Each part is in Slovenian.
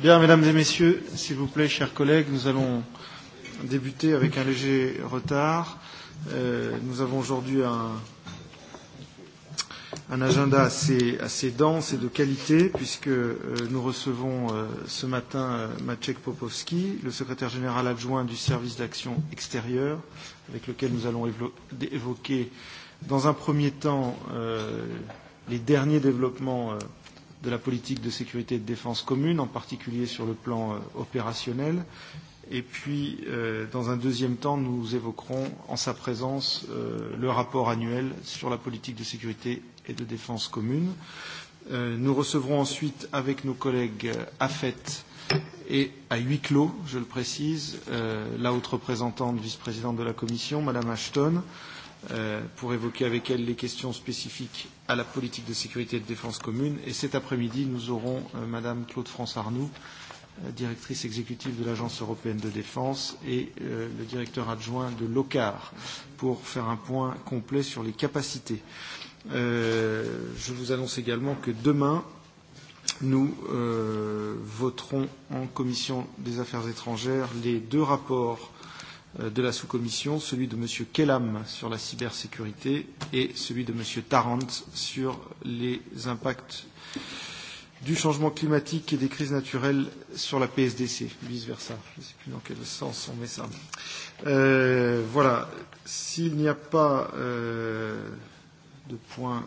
Bien, mesdames et messieurs, s'il vous plaît, chers collègues, nous allons débuter avec un léger retard. Euh, nous avons aujourd'hui un, un agenda assez, assez dense et de qualité, puisque euh, nous recevons euh, ce matin euh, Maciek Popowski, le secrétaire général adjoint du service d'action extérieure, avec lequel nous allons évo évoquer dans un premier temps euh, les derniers développements. Euh, de la politique de sécurité et de défense commune, en particulier sur le plan euh, opérationnel. Et puis, euh, dans un deuxième temps, nous évoquerons en sa présence euh, le rapport annuel sur la politique de sécurité et de défense commune. Euh, nous recevrons ensuite avec nos collègues euh, AFET et à huis clos, je le précise, euh, la haute représentante vice-présidente de la Commission, Madame Ashton. Euh, Euh, pour évoquer avec elle les questions spécifiques à la politique de sécurité et de défense commune. Et cet après-midi, nous aurons euh, Madame Claude-France Arnoux, euh, directrice exécutive de l'Agence européenne de défense, et le directeur adjoint de l'OCAR, pour faire un point complet sur les capacités. Je vous annonce également que demain, nous voterons en commission des affaires étrangères les deux rapports Euh, de la sous-commission, celui de M. Kellam sur la cybersécurité et celui de M. Tarrant sur les impacts du changement climatique et des crises naturelles sur la PSDC, vice-versa. Je ne sais plus dans quel sens on met ça. Euh, voilà. S'il n'y a pas euh, de points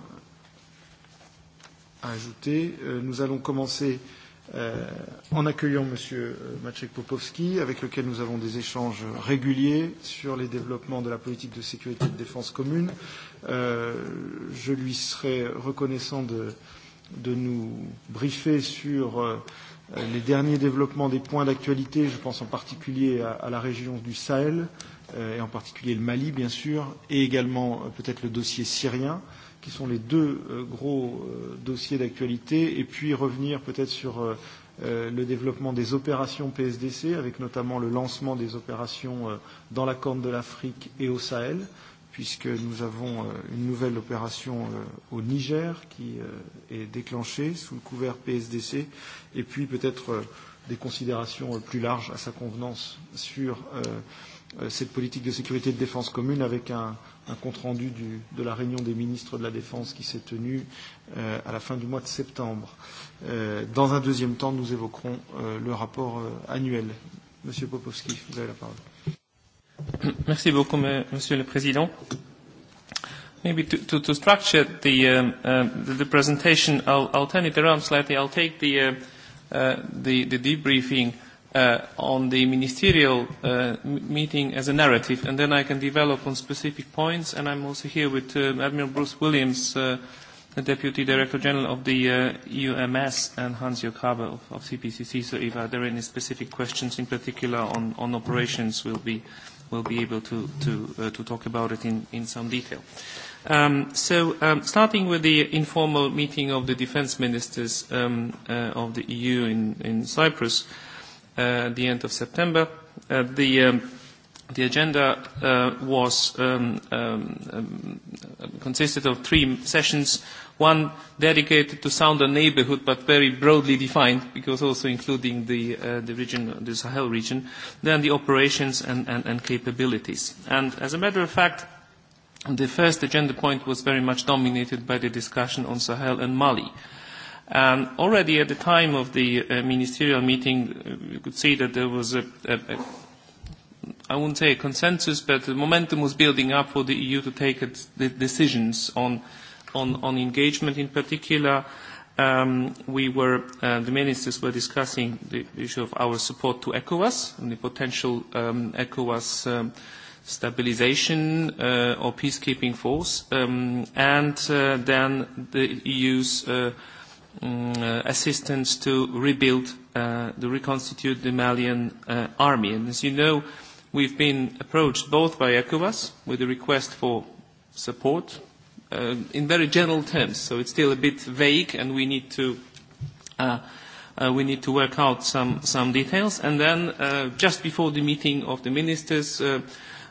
à ajouter, euh, nous allons commencer euh, euh, en accueillant M. Euh, Maciek Popovski, avec lequel nous avons des échanges réguliers sur les développements de la politique de sécurité et de défense commune. Euh, je lui serai reconnaissant de, de nous briefer sur euh, les derniers développements des points d'actualité, je pense en particulier à, à la région du Sahel, euh, et en particulier le Mali, bien sûr, et également euh, peut-être le dossier syrien. Euh, qui sont les deux euh, gros euh, dossiers d'actualité, et puis revenir peut-être sur euh, euh, le développement des opérations PSDC, avec notamment le lancement des opérations euh, dans la Corne de l'Afrique et au Sahel, puisque nous avons euh, une nouvelle opération euh, au Niger qui euh, est déclenchée sous le couvert PSDC, et puis peut-être euh, des considérations euh, plus larges à sa convenance sur. Euh, Euh, cette politique de sécurité et de défense commune avec un, un compte rendu du, de la réunion des ministres de la défense qui s'est tenue euh, à la fin du mois de septembre. Euh, dans un deuxième temps, nous évoquerons euh, le rapport euh, annuel. Monsieur Popovski, vous avez la parole. Merci beaucoup, Monsieur le Président. Maybe to, to, to structure the, uh, uh, the, the presentation, I'll, I'll turn it around slightly. I'll take the, uh, uh, the, the debriefing uh, on the ministerial uh, m- meeting as a narrative, and then I can develop on specific points. And I'm also here with um, Admiral Bruce Williams, uh, the Deputy Director General of the uh, EUMS, and Hans Jokaber of, of CPCC. So if uh, there are any specific questions in particular on, on operations, we'll be, we'll be able to, to, uh, to talk about it in, in some detail. Um, so, um, starting with the informal meeting of the defense ministers um, uh, of the EU in, in Cyprus, uh, uh, the end of September. Uh, the, um, the agenda uh, was, um, um, um, consisted of three sessions, one dedicated to sound and neighborhood, but very broadly defined, because also including the, uh, the, region, the Sahel region, then the operations and, and, and capabilities. And as a matter of fact, the first agenda point was very much dominated by the discussion on Sahel and Mali. Uh, Um, already at the time of the uh, ministerial meeting, uh, you could see that there was a, a, a, I wouldn't say a consensus, but the momentum was building up for the EU to take its de- decisions on, on, on engagement in particular. Um, we were, uh, the ministers were discussing the issue of our support to ECOWAS and the potential um, ECOWAS um, stabilization uh, or peacekeeping force, um, and uh, then the EU's uh, Mm, uh, assistance to rebuild, uh, to reconstitute the Malian uh, army. And as you know, we've been approached both by ECOWAS with a request for support uh, in very general terms, so it's still a bit vague and we need to, uh, uh, we need to work out some, some details. And then uh, just before the meeting of the ministers, uh,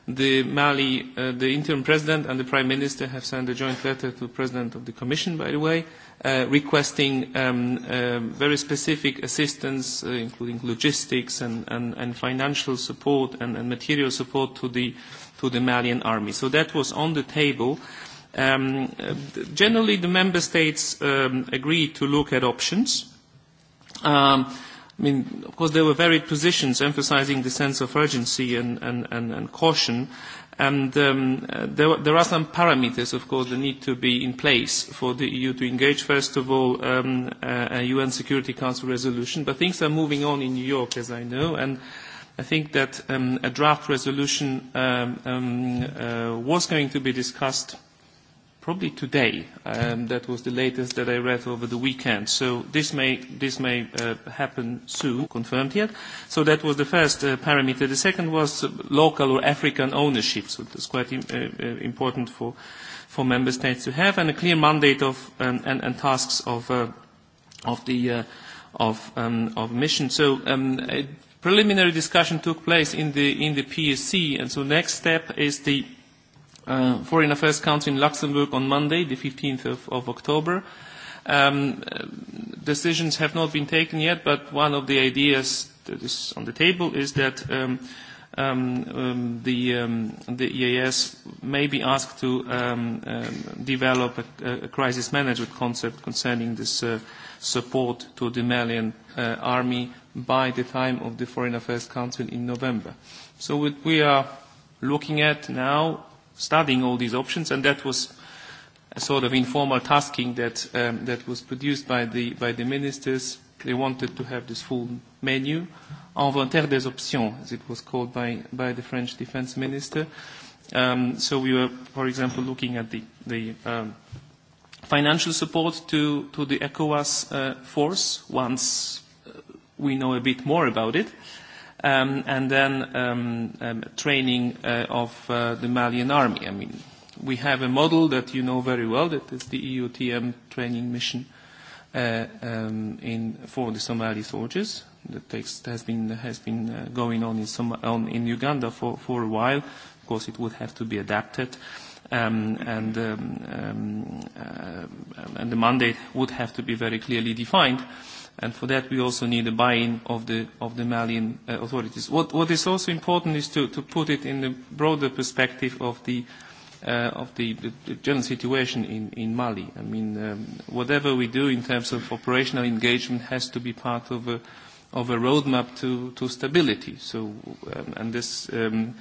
the Mali, uh, the interim president and the prime minister have sent a joint letter to the president of the commission, by the way, uh, uh, requesting um, uh, very specific assistance, uh, including logistics and, and, and financial support and, and material support to the, to the Malian army. So that was on the table. Um, uh, generally, the member states um, agreed to look at options. Um, I mean, of course, there were varied positions emphasizing the sense of urgency and, and, and, and caution. And um, there, there are some parameters, of course, that need to be in place for the EU to engage. First of all, um, uh, a UN Security Council resolution. But things are moving on in New York, as I know. And I think that um, a draft resolution um, um, uh, was going to be discussed uh, probably today. Um, that was the latest that I read over the weekend. So this may, this may uh, happen soon, confirmed yet. So that was the first uh, parameter. The second was local or African ownership. So it's quite Im- uh, uh, important for, for member states to have and a clear mandate of, um, and, and tasks of, uh, of the uh, of, um, of mission. So um, a preliminary discussion took place in the, in the PSC and so next step is the Uh, Foreign Affairs Council in Luxembourg on Monday, the 15th of, of October. Um, uh, decisions have not been taken yet, but one of the ideas that is on the table is that um, um, um, the, um, the EAS may be asked to um, um, develop a, a crisis management concept concerning this uh, support to the Malian uh, army by the time of the Foreign Affairs Council in November. So we, we are looking at now studying all these options, and that was a sort of informal tasking that, um, that was produced by the, by the ministers. They wanted to have this full menu, inventaire des options, as it was called by, by the French defense minister. Um, so we were, for example, looking at the, the um, financial support to, to the ECOWAS uh, force once uh, we know a bit more about it. Uh, um, and then um, um, training uh, of uh, the Malian army. I mean, we have a model that you know very well, that is the EUTM training mission uh, um, in, for the Somali soldiers that takes, has been, has been uh, going on in, Soma, on in Uganda for, for a while. Of course, it would have to be adapted. Um, and, um, um, uh, and the mandate would have to be very clearly defined. Uh, and for that we also need the buy-in of the, of the Malian uh, authorities. What, what is also important is to, to put it in the broader perspective of the, uh, of the, the, the general situation in, in Mali. I mean, um, whatever we do in terms of operational engagement has to be part of a, of a roadmap to, to stability. So, um, and this, um,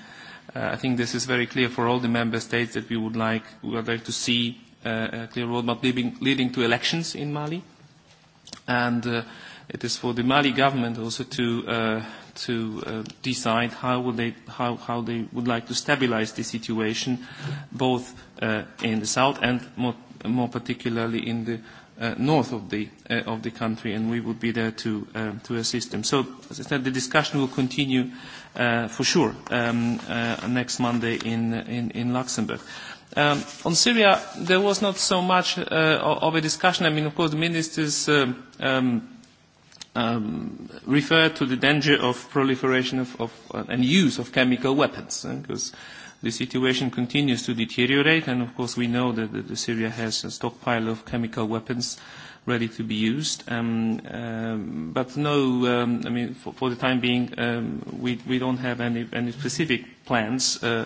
uh, I think this is very clear for all the member states that we would like, we would like to see uh, a clear roadmap leading, leading to elections in Mali and uh, it is for the Mali government also to, uh, to uh, decide how, would they, how, how they would like to stabilize the situation, both uh, in the south and more, more particularly in the uh, north of the, uh, of the country, and we would be there to, uh, to assist them. So, as I said, the discussion will continue uh, for sure um, uh, next Monday in, in, in Luxembourg. Um, on Syria, there was not so much uh, of a discussion. I mean, of course, the ministers um, um, um, referred to the danger of proliferation of, of, uh, and use of chemical weapons, because uh, the situation continues to deteriorate. And, of course, we know that, that Syria has a stockpile of chemical weapons ready to be used. Um, um, but no, um, I mean, for, for the time being, um, we, we don't have any, any specific plans. Uh,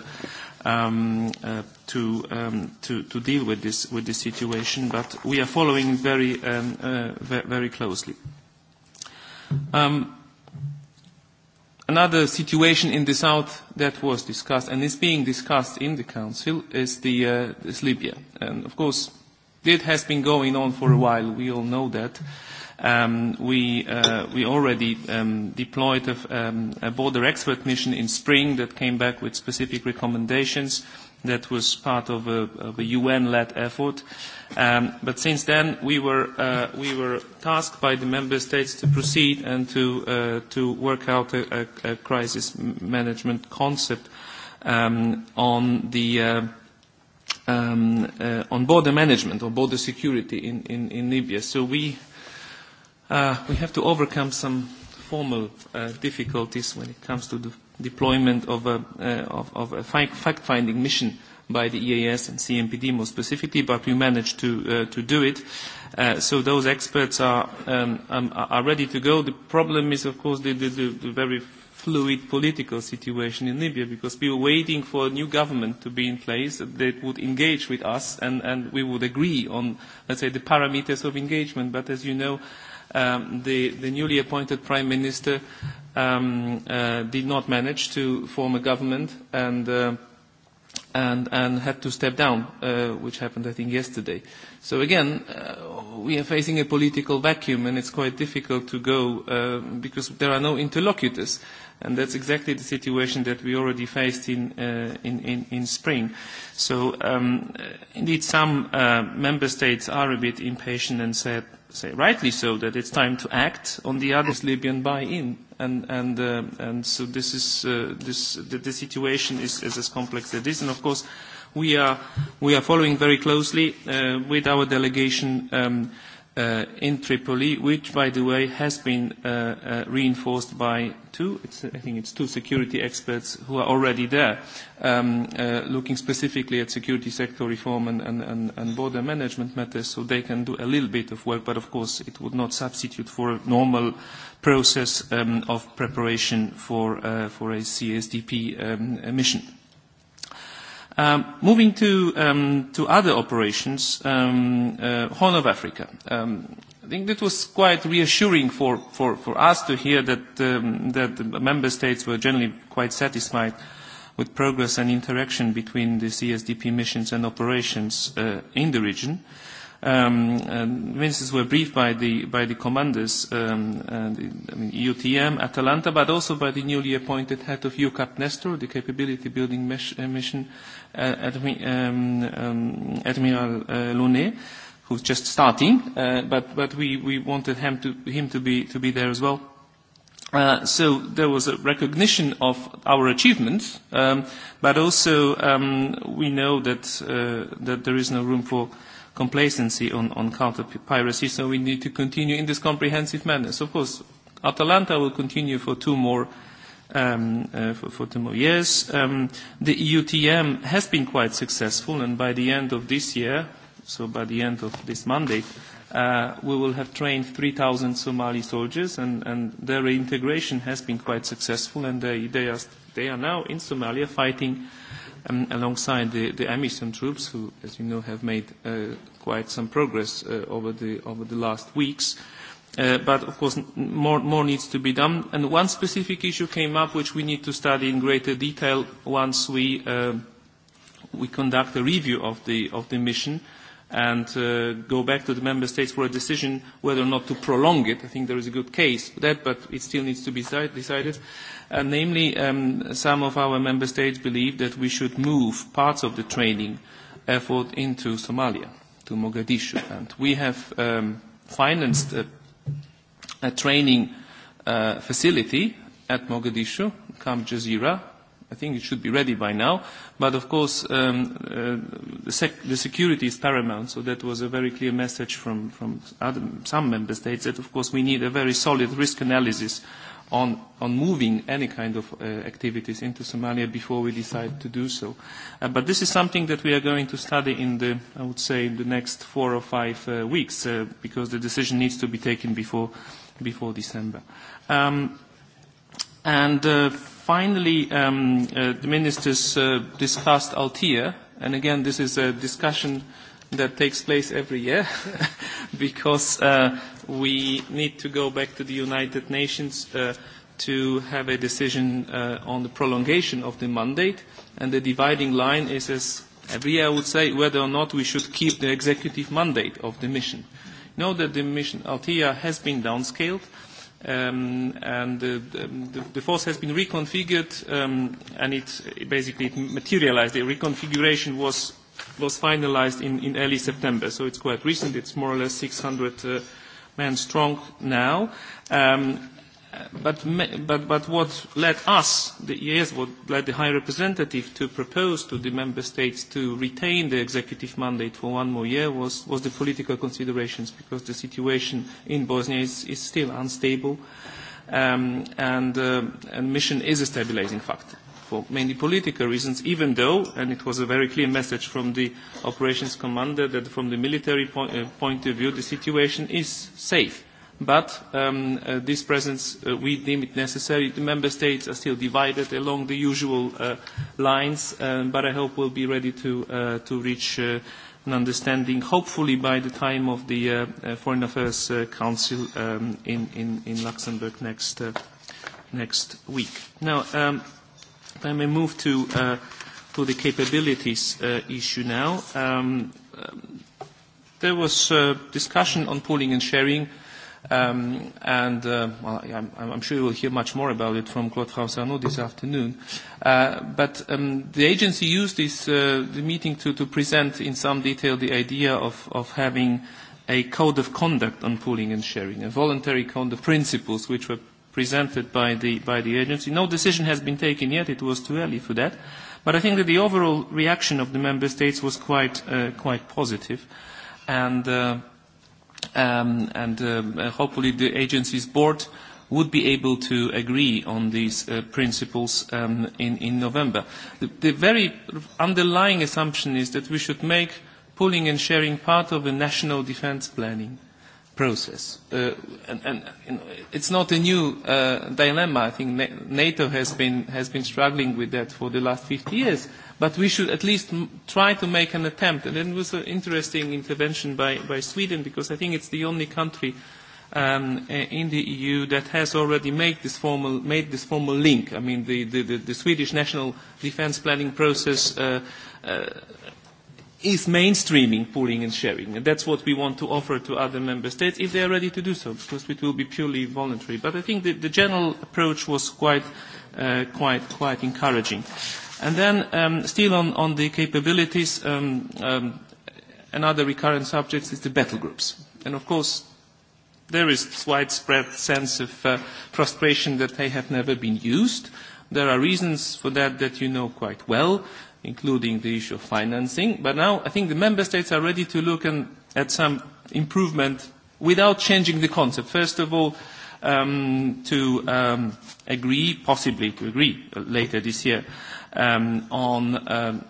um, uh, to, um, to, to deal with this, with this situation, but we are following very, um, uh, very closely. Um, another situation in the south that was discussed and is being discussed in the council is, the, uh, is libya. and of course, it has been going on for a while. we all know that. Uh, Um, uh, we already um, deployed um, a border expert mission in spring that came back with specific recommendations that was part of a UN-led effort. Since then, uh, we were tasked by the member states to proceed and to uh, work out a crisis management concept on border management or border security in Libya. Uh, we have to overcome some formal uh, difficulties when it comes to the deployment of a, uh, of, of a fact-finding mission by the EAS and CMPD more specifically, but we managed to, uh, to do it. Uh, so those experts are, um, um, are ready to go. The problem is, of course, the, the, the, the very fluid political situation in Libya because we were waiting for a new government to be in place that would engage with us and, and we would agree on, let's say, the parameters of engagement. But as you know, uh, um, the, the newly appointed Prime Minister um, uh, did not manage to form a government and, uh, and, and had to step down, uh, which happened, I think, yesterday. So again, uh, we are facing a political vacuum and it's quite difficult to go uh, because there are no interlocutors and that's exactly the situation that we already faced in, uh, in, in, in spring. So um, uh, indeed some uh, member states are a bit impatient and said, say rightly so, that it's time to act on the others Libyan buy-in. And, and, uh, and so this is, uh, this, the, the situation is, is as complex as it is. And of course, we are, we are following very closely uh, with our delegation um, uh, uh, in Tripoli, which, by the way, has been uh, uh, reinforced by two, it's, I think it's two security experts who are already there, um, uh, looking specifically at security sector reform and, and, and, and border management matters, so they can do a little bit of work, but of course it would not substitute for a normal process um, of preparation for, uh, for a CSDP um, mission. Um, moving to, um, to other operations, um, uh, Horn of Africa. Um, I think it was quite reassuring for, for, for us to hear that, um, that the member states were generally quite satisfied with progress and interaction between the CSDP missions and operations uh, in the region. Uh, um, um, ministers were briefed by the, by the commanders, um, uh, the, I mean, UTM, e Atalanta, but also by the newly appointed head of UCAP Nestor, the capability building mesh, uh, mission, uh, Admi- um, um, Admiral uh, Lunet, who's just starting, uh, but, but we, we wanted him, to, him to, be, to be there as well. Uh, so there was a recognition of our achievements, um, but also um, we know that, uh, that there is no room for, uh, complacency on, on counter piracy, so we need to continue in this comprehensive manner. So, of course, Atalanta will continue for two more, um, uh, for, for two more years. Um, the EUTM has been quite successful, and by the end of this year, so by the end of this mandate, uh, we will have trained 3,000 Somali soldiers, and, and their reintegration has been quite successful, and they, they, are, they are now in Somalia fighting um, alongside the, the Amisom troops, who, as you know, have made uh, quite some progress uh, over, the, over the last weeks. Uh, but, of course, more, more needs to be done. And one specific issue came up, which we need to study in greater detail once we, uh, we conduct a review of the, of the mission and uh, go back to the Member States for a decision whether or not to prolong it. I think there is a good case for that, but it still needs to be decided namely um, some of our member states believe that we should move parts of the training effort into Somalia, to Mogadishu. And we have um, financed a, a training uh, facility at Mogadishu, Camp Jazeera. I think it should be ready by now. But of course, um, uh, the, sec the security is paramount, so that was a very clear message from, from other, some member states that of course we need a very solid risk analysis on, on moving any kind of uh, activities into Somalia before we decide to do so. Uh, but this is something that we are going to study in the, I would say, in the next four or five uh, weeks, uh, because the decision needs to be taken before, before December. Um, and uh, finally, um, uh, the ministers uh, discussed Altea, and again, this is a discussion uh, that takes place every year because uh, we need to go back to the United Nations uh, to have a decision uh, on the prolongation of the mandate and the dividing line is as every year I would say whether or not we should keep the executive mandate of the mission. You know that the mission Altea has been downscaled um, and the, the, the force has been reconfigured um, and it basically materialized. The reconfiguration was was finalized in, in early September, so it's quite recent. It's more or less 600 uh, men strong now. Um, but, me, but, but what led us, the ES, what led the High Representative to propose to the Member States to retain the executive mandate for one more year was, was the political considerations, because the situation in Bosnia is, is still unstable, um, and, uh, and mission is a stabilizing factor for mainly political reasons, even though, and it was a very clear message from the operations commander, that from the military po uh, point of view, the situation is safe. But um, uh, this presence, uh, we deem it necessary. The member states are still divided along the usual uh, lines, um, but I hope we'll be ready to, uh, to reach uh, an understanding, hopefully by the time of the uh, uh Foreign Affairs uh, Council um, in, in, in Luxembourg next, uh, next week. Now, um, if I may move to, uh, to the capabilities uh, issue now. Um, um, there was uh, discussion on pooling and sharing, um, and uh, well, I'm, I'm sure you will hear much more about it from Claude France Arnaud this afternoon. Uh, but um, the agency used this uh, the meeting to, to present in some detail the idea of, of having a code of conduct on pooling and sharing, a voluntary code of principles which were presented by the, by the agency. No decision has been taken yet. It was too early for that. But I think that the overall reaction of the member states was quite, uh, quite positive. And, uh, um, and uh, hopefully the agency's board would be able to agree on these uh, principles um, in, in November. The, the very underlying assumption is that we should make pooling and sharing part of a national defense planning process. Uh, and and you know, it's not a new uh, dilemma. I think NATO has been, has been struggling with that for the last 50 years. But we should at least m- try to make an attempt. And it was an interesting intervention by, by Sweden because I think it's the only country um, in the EU that has already made this formal, made this formal link. I mean, the, the, the, the Swedish national defense planning process uh, uh, is mainstreaming pooling and sharing. And that's what we want to offer to other member states if they are ready to do so, because it will be purely voluntary. But I think the, the general approach was quite, uh, quite, quite encouraging. And then um, still on, on the capabilities, um, um, another recurrent subject is the battle groups. And of course, there is widespread sense of uh, frustration that they have never been used. There are reasons for that that you know quite well including the issue of financing. But now I think the member states are ready to look and, at some improvement without changing the concept. First of all, um, to um, agree, possibly to agree uh, later this year, um, on um,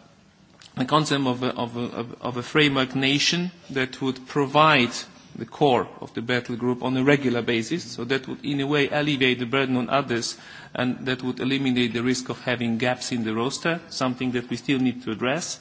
the concept of a, of, a, of a framework nation that would provide the core of the battle group on a regular basis. So that would, in a way, alleviate the burden on others, and that would eliminate the risk of having gaps in the roster, something that we still need to address.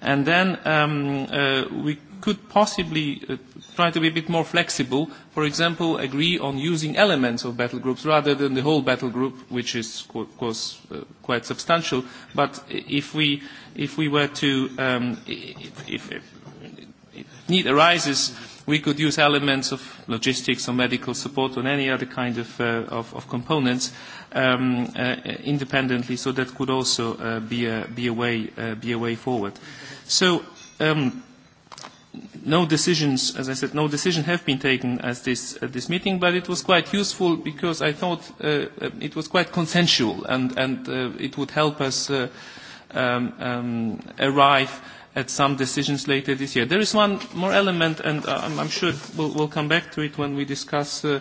And then um, uh, we could possibly uh, try to be a bit more flexible, for example, agree on using elements of battle groups rather than the whole battle group, which is, of course, uh, quite substantial. But if we, if we were to, um, if, if, if need arises, we could use elements of logistics or medical support or any other kind of, uh, of, of components um, uh, independently, so that could also uh, be, a, be, a way, uh, be a way forward. So um, no decisions, as I said, no decisions have been taken at this, at this meeting, but it was quite useful because I thought uh, uh it was quite consensual and, and uh, it would help us uh, um, um, arrive uh, at some decisions later this year. There is one more element, and um, I'm sure we'll, we'll come back to it when we discuss uh,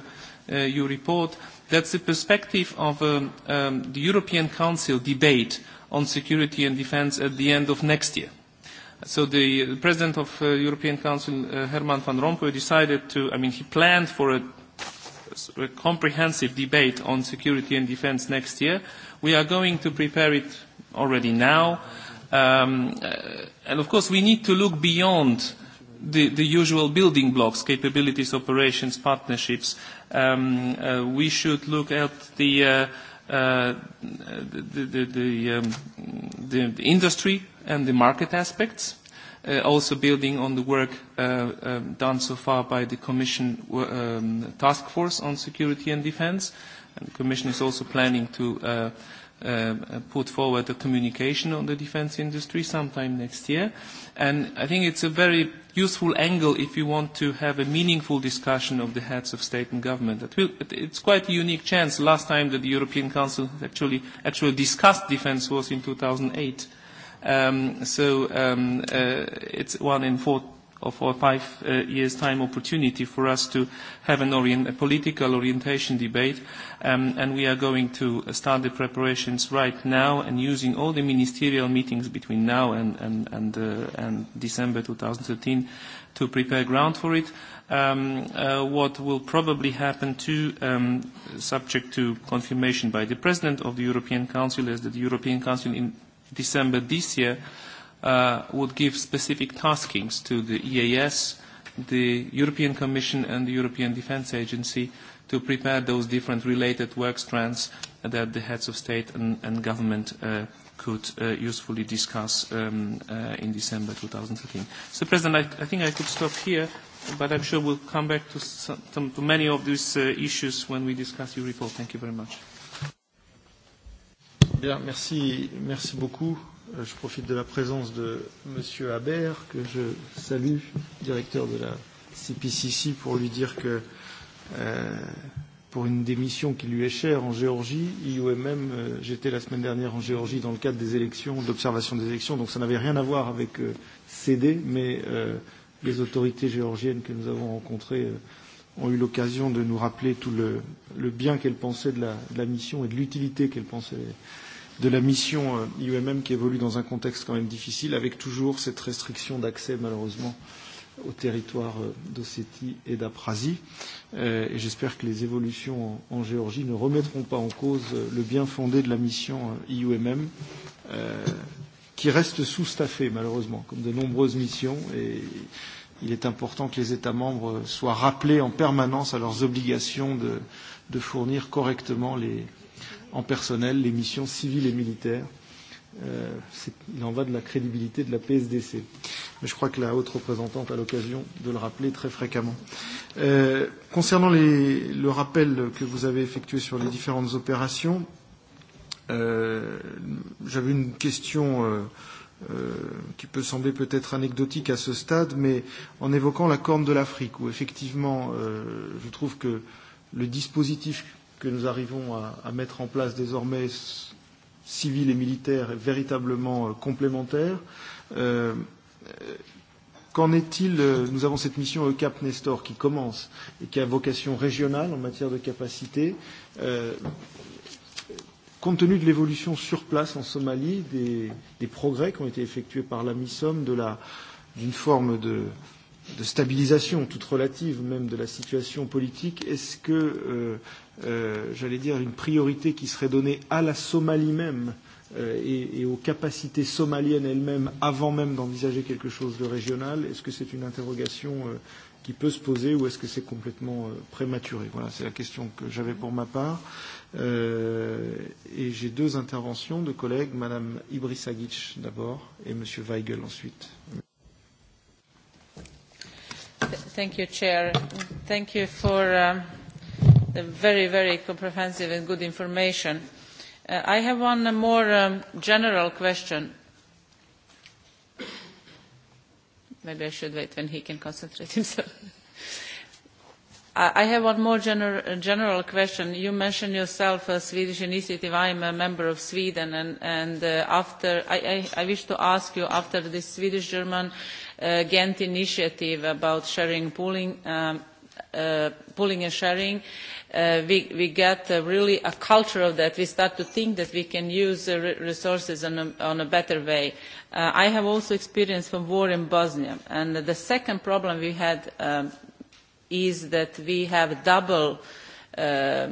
uh, your report. That's the perspective of um, um, the European Council debate on security and defense at the end of next year. So the uh, President of the uh, European Council, uh, Herman van Rompuy, decided to, I mean, he planned for a, a comprehensive debate on security and defense next year. We are going to prepare it already now. Uh, Um, uh, and of course, we need to look beyond the, the usual building blocks, capabilities, operations, partnerships. Um, uh, we should look at the, uh, uh, the, the, the, um, the industry and the market aspects, uh, also building on the work uh, um, done so far by the Commission um, Task Force on Security and Defense. And the Commission is also planning to uh, Uh, uh, put forward a communication on the defence industry sometime next year. And I think it's a very useful angle if you want to have a meaningful discussion of the heads of state and government. It's quite a unique chance. Last time that the European Council actually, actually discussed defence was in 2008. Um, so um, uh, it's one in four of our five uh, years' time opportunity for us to have an orient- a political orientation debate, um, and we are going to start the preparations right now and using all the ministerial meetings between now and, and, and, uh, and December 2013 to prepare ground for it. Um, uh, what will probably happen to, um, subject to confirmation by the President of the European Council, is that the European Council in December this year uh, would give specific taskings to the EAS, the European Commission and the European Defence Agency to prepare those different related work strands that the heads of state and, and government uh, could uh, usefully discuss um, uh, in December 2013. So, President, I, I think I could stop here, but I'm sure we'll come back to, some, to many of these uh, issues when we discuss your report. Thank you very much. Bien, merci, merci beaucoup. Euh, je profite de la présence de M. Haber, que je salue, directeur de la CPCC, pour lui dire que euh, pour une démission qui lui est chère en Géorgie, IOMM, euh, j'étais la semaine dernière en Géorgie dans le cadre des élections, de l'observation des élections, donc ça n'avait rien à voir avec euh, CD, mais euh, les autorités géorgiennes que nous avons rencontrées euh, ont eu l'occasion de nous rappeler tout le, le bien qu'elles pensaient de la, de la mission et de l'utilité qu'elles pensaient. Euh, de la mission euh, IOMM qui évolue dans un contexte quand même difficile, avec toujours cette restriction d'accès, malheureusement, au territoire euh, d'Ossétie et d'Aprasie. Euh, et j'espère que les évolutions en Géorgie ne remettront pas en cause le bien fondé de la mission IOMM, qui reste sous-staffée, malheureusement, comme de nombreuses missions. Et il est important que les États membres soient rappelés en permanence à leurs obligations de, de fournir correctement les en personnel les missions civiles et militaires. Euh, il en va de la crédibilité de la PSDC. Mais je crois que la haute représentante a l'occasion de le rappeler très fréquemment. Euh, concernant les, le rappel que vous avez effectué sur les différentes opérations, euh, j'avais une question euh, euh, qui peut sembler peut-être anecdotique à ce stade, mais en évoquant la Corne de l'Afrique, où effectivement, euh, je trouve que le dispositif que nous arrivons à, à mettre en place désormais civils et militaires véritablement euh, complémentaires. Euh, euh, qu'en est-il euh, Nous avons cette mission au Cap Nestor qui commence et qui a vocation régionale en matière de capacité. Euh, compte tenu de l'évolution sur place en Somalie, des, des progrès qui ont été effectués par la MISOM, de la, d'une forme de de stabilisation toute relative même de la situation politique, est-ce que euh, Euh, j'allais dire, une priorité qui serait donnée à la Somalie même euh, et, et aux capacités somaliennes elles-mêmes avant même d'envisager quelque chose de régional Est-ce que c'est une interrogation euh, qui peut se poser ou est-ce que c'est complètement euh, prématuré Voilà, c'est la question que j'avais pour ma part. Euh, et j'ai deux interventions de collègues, Madame Ibris Agic d'abord et Monsieur Weigel ensuite. Thank you, Chair. Thank you for uh, very very comprehensive and good information. Uh, I have one more um, general question. Maybe I should wait when he can concentrate himself. I have one more gener general question. You mentioned yourself a Swedish initiative. I am a member of Sweden, and, and uh, after I, I, I wish to ask you after this Swedish-German uh, Ghent initiative about sharing pooling. Um, uh, pooling and sharing, uh, we, we get uh, really a culture of that. We start to think that we can use uh, resources on a, on a better way. Uh, I have also experience from war in Bosnia. And the second problem we had um, is that we have double, uh,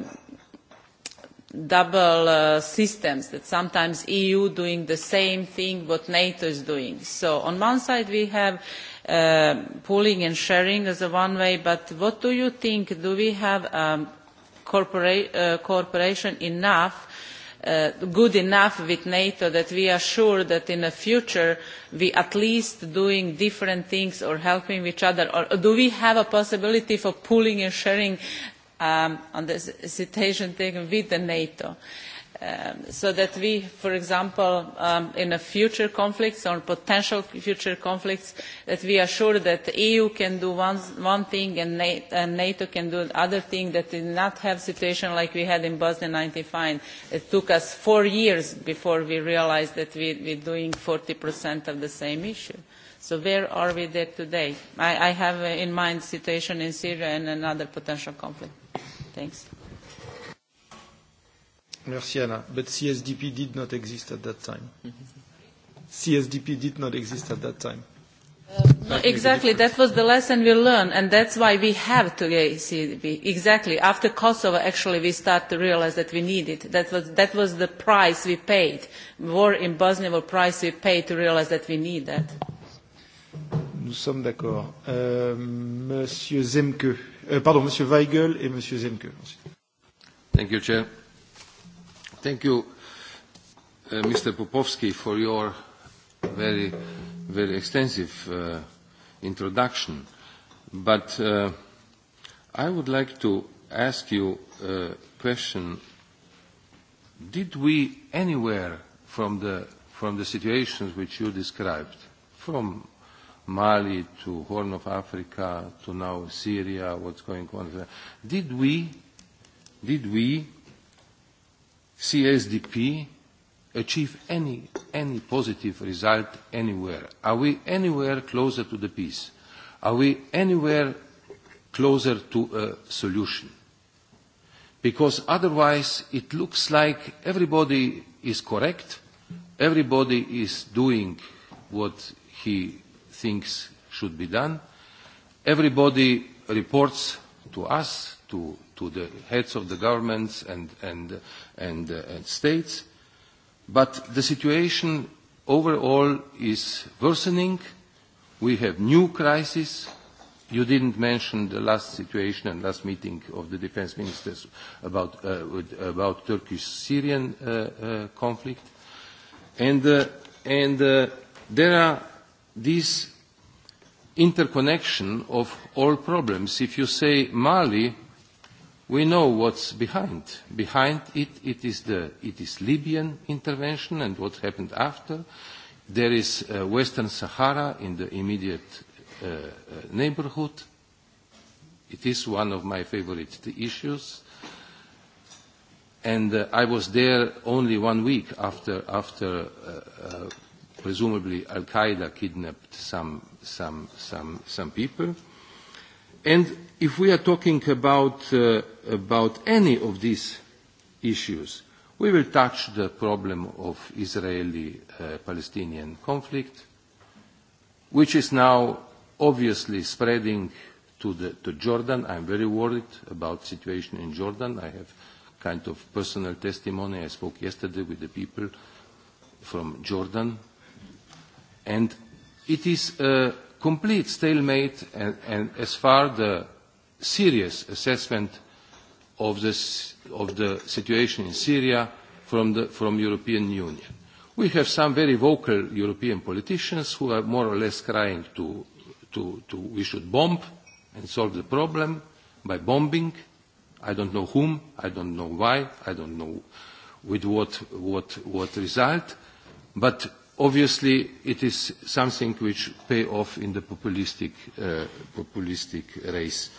double uh, systems, that sometimes EU doing the same thing what NATO is doing. So on one side we have uh, Uh, pooling and sharing as a one way, but what do you think, do we have um, corpora uh, cooperation enough, uh, good enough with NATO that we are sure that in the future we at least doing different things or helping each other, or, or do we have a possibility for pooling and sharing um, on the situation taken with the NATO? Uh, um, so that we, for example, um, in a future conflicts or potential future conflicts, that we are sure that the EU can do one, one thing and, Na and NATO can do another thing that did not have a situation like we had in Bosnia 95. It took us four years before we realized that we, we're doing 40% of the same issue. So where are we there today? I, I have in mind situation in Syria and another potential conflict. Thanks. Merci, Anna. But CSDP did not exist at that time. Mm-hmm. CSDP did not exist at that time. Uh, um, that no, exactly. That was the lesson we learned, and that's why we have today CSDP. Exactly. After Kosovo, actually, we start to realize that we need it. That was, that was the price we paid. War in Bosnia was the price we paid to realize that we need that. Nous sommes d'accord. Euh, monsieur Zemke. Euh, pardon, Monsieur Weigel et Monsieur Zemke. Thank you, Chair. Thank you, uh, Mr. Popovsky, for your very, very extensive uh, introduction. But uh, I would like to ask you a question. Did we anywhere from the, from the situations which you described, from Mali to Horn of Africa to now Syria, what's going on, did we, did we, CSDP achieve any, any positive result anywhere? Are we anywhere closer to the peace? Are we anywhere closer to a solution? Because otherwise it looks like everybody is correct, everybody is doing what he thinks should be done, everybody reports to us, to, to the heads of the governments and, and, and, uh, and states. But the situation overall is worsening. We have new crises. You didn't mention the last situation and last meeting of the defense ministers about, uh, with, about Turkish-Syrian uh, uh, conflict. And, uh, and uh, there are this interconnection of all problems. If you say Mali, We know what's behind. Behind it, it is the it is Libyan intervention and what happened after. There is uh, Western Sahara in the immediate uh, uh neighborhood. It is one of my favorite the issues. And uh, I was there only one week after, after uh, uh, presumably Al-Qaeda kidnapped some, some, some, some people and if we are talking about, uh, about any of these issues, we will touch the problem of israeli-palestinian uh, conflict, which is now obviously spreading to, the, to jordan. i'm very worried about situation in jordan. i have kind of personal testimony. i spoke yesterday with the people from jordan. and it is a complete stalemate and, and as far the serious assessment of, this, of the situation in Syria from the from European Union. We have some very vocal European politicians who are more or less crying to, to, to we should bomb and solve the problem by bombing. I don't know whom, I don't know why, I don't know with what, what, what result. But obviously it is something which pay off in the populistic, uh, populistic race.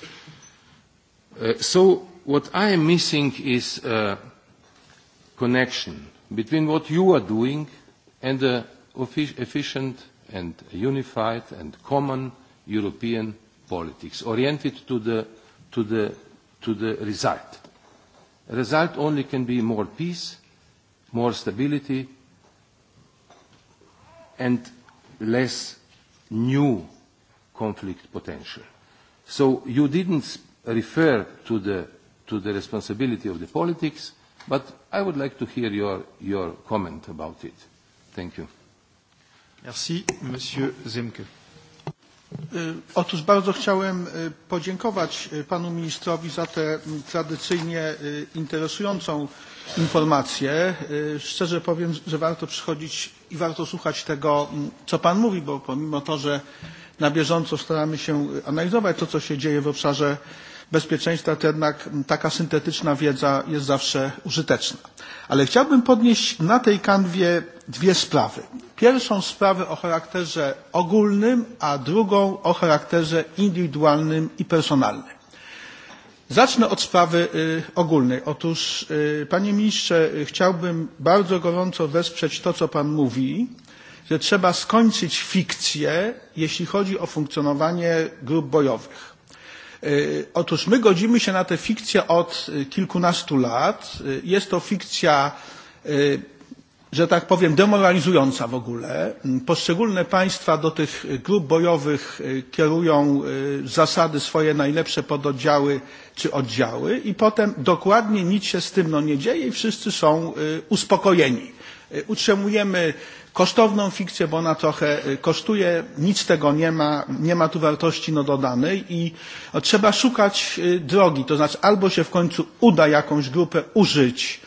Uh, so what I am missing is a connection between what you are doing and the efficient and unified and common European politics oriented to the, to the, to the result. A result only can be more peace, more stability, and less new conflict potential. So you didn't refer to the, to the responsibility of the politics, but I would like to hear your, your comment about it. Thank you. Merci, Monsieur Zemke. E, otóż bardzo chciałem e, podziękować e, panu ministrowi za tę tradycyjnie interesującą informację. Szczerze powiem, że warto przychodzić i warto słuchać tego, co pan mówi, bo pomimo to, że na bieżąco staramy się analizować to, co się dzieje w obszarze bezpieczeństwa, to jednak taka syntetyczna wiedza jest zawsze użyteczna. Ale chciałbym podnieść na tej kanwie dwie sprawy. Pierwszą sprawę o charakterze ogólnym, a drugą o charakterze indywidualnym i personalnym. Zacznę od sprawy ogólnej. Otóż, panie ministrze, chciałbym bardzo gorąco wesprzeć to, co pan mówi, że trzeba skończyć fikcję, jeśli chodzi o funkcjonowanie grup bojowych. E, otóż my godzimy się na tę fikcję od e, kilkunastu lat. E, jest to fikcja, że tak powiem, demoralizująca w ogóle. Mm, poszczególne państwa do tych grup bojowych kierują zasady swoje najlepsze pododdziały czy oddziały i potem dokładnie nic się z tym no, nie dzieje i wszyscy są uspokojeni. Utrzymujemy kosztowną fikcję, bo ona trochę kosztuje, nic tego nie ma, nie ma tu wartości no dodanej i trzeba szukać drogi, to znaczy albo się w końcu uda jakąś grupę użyć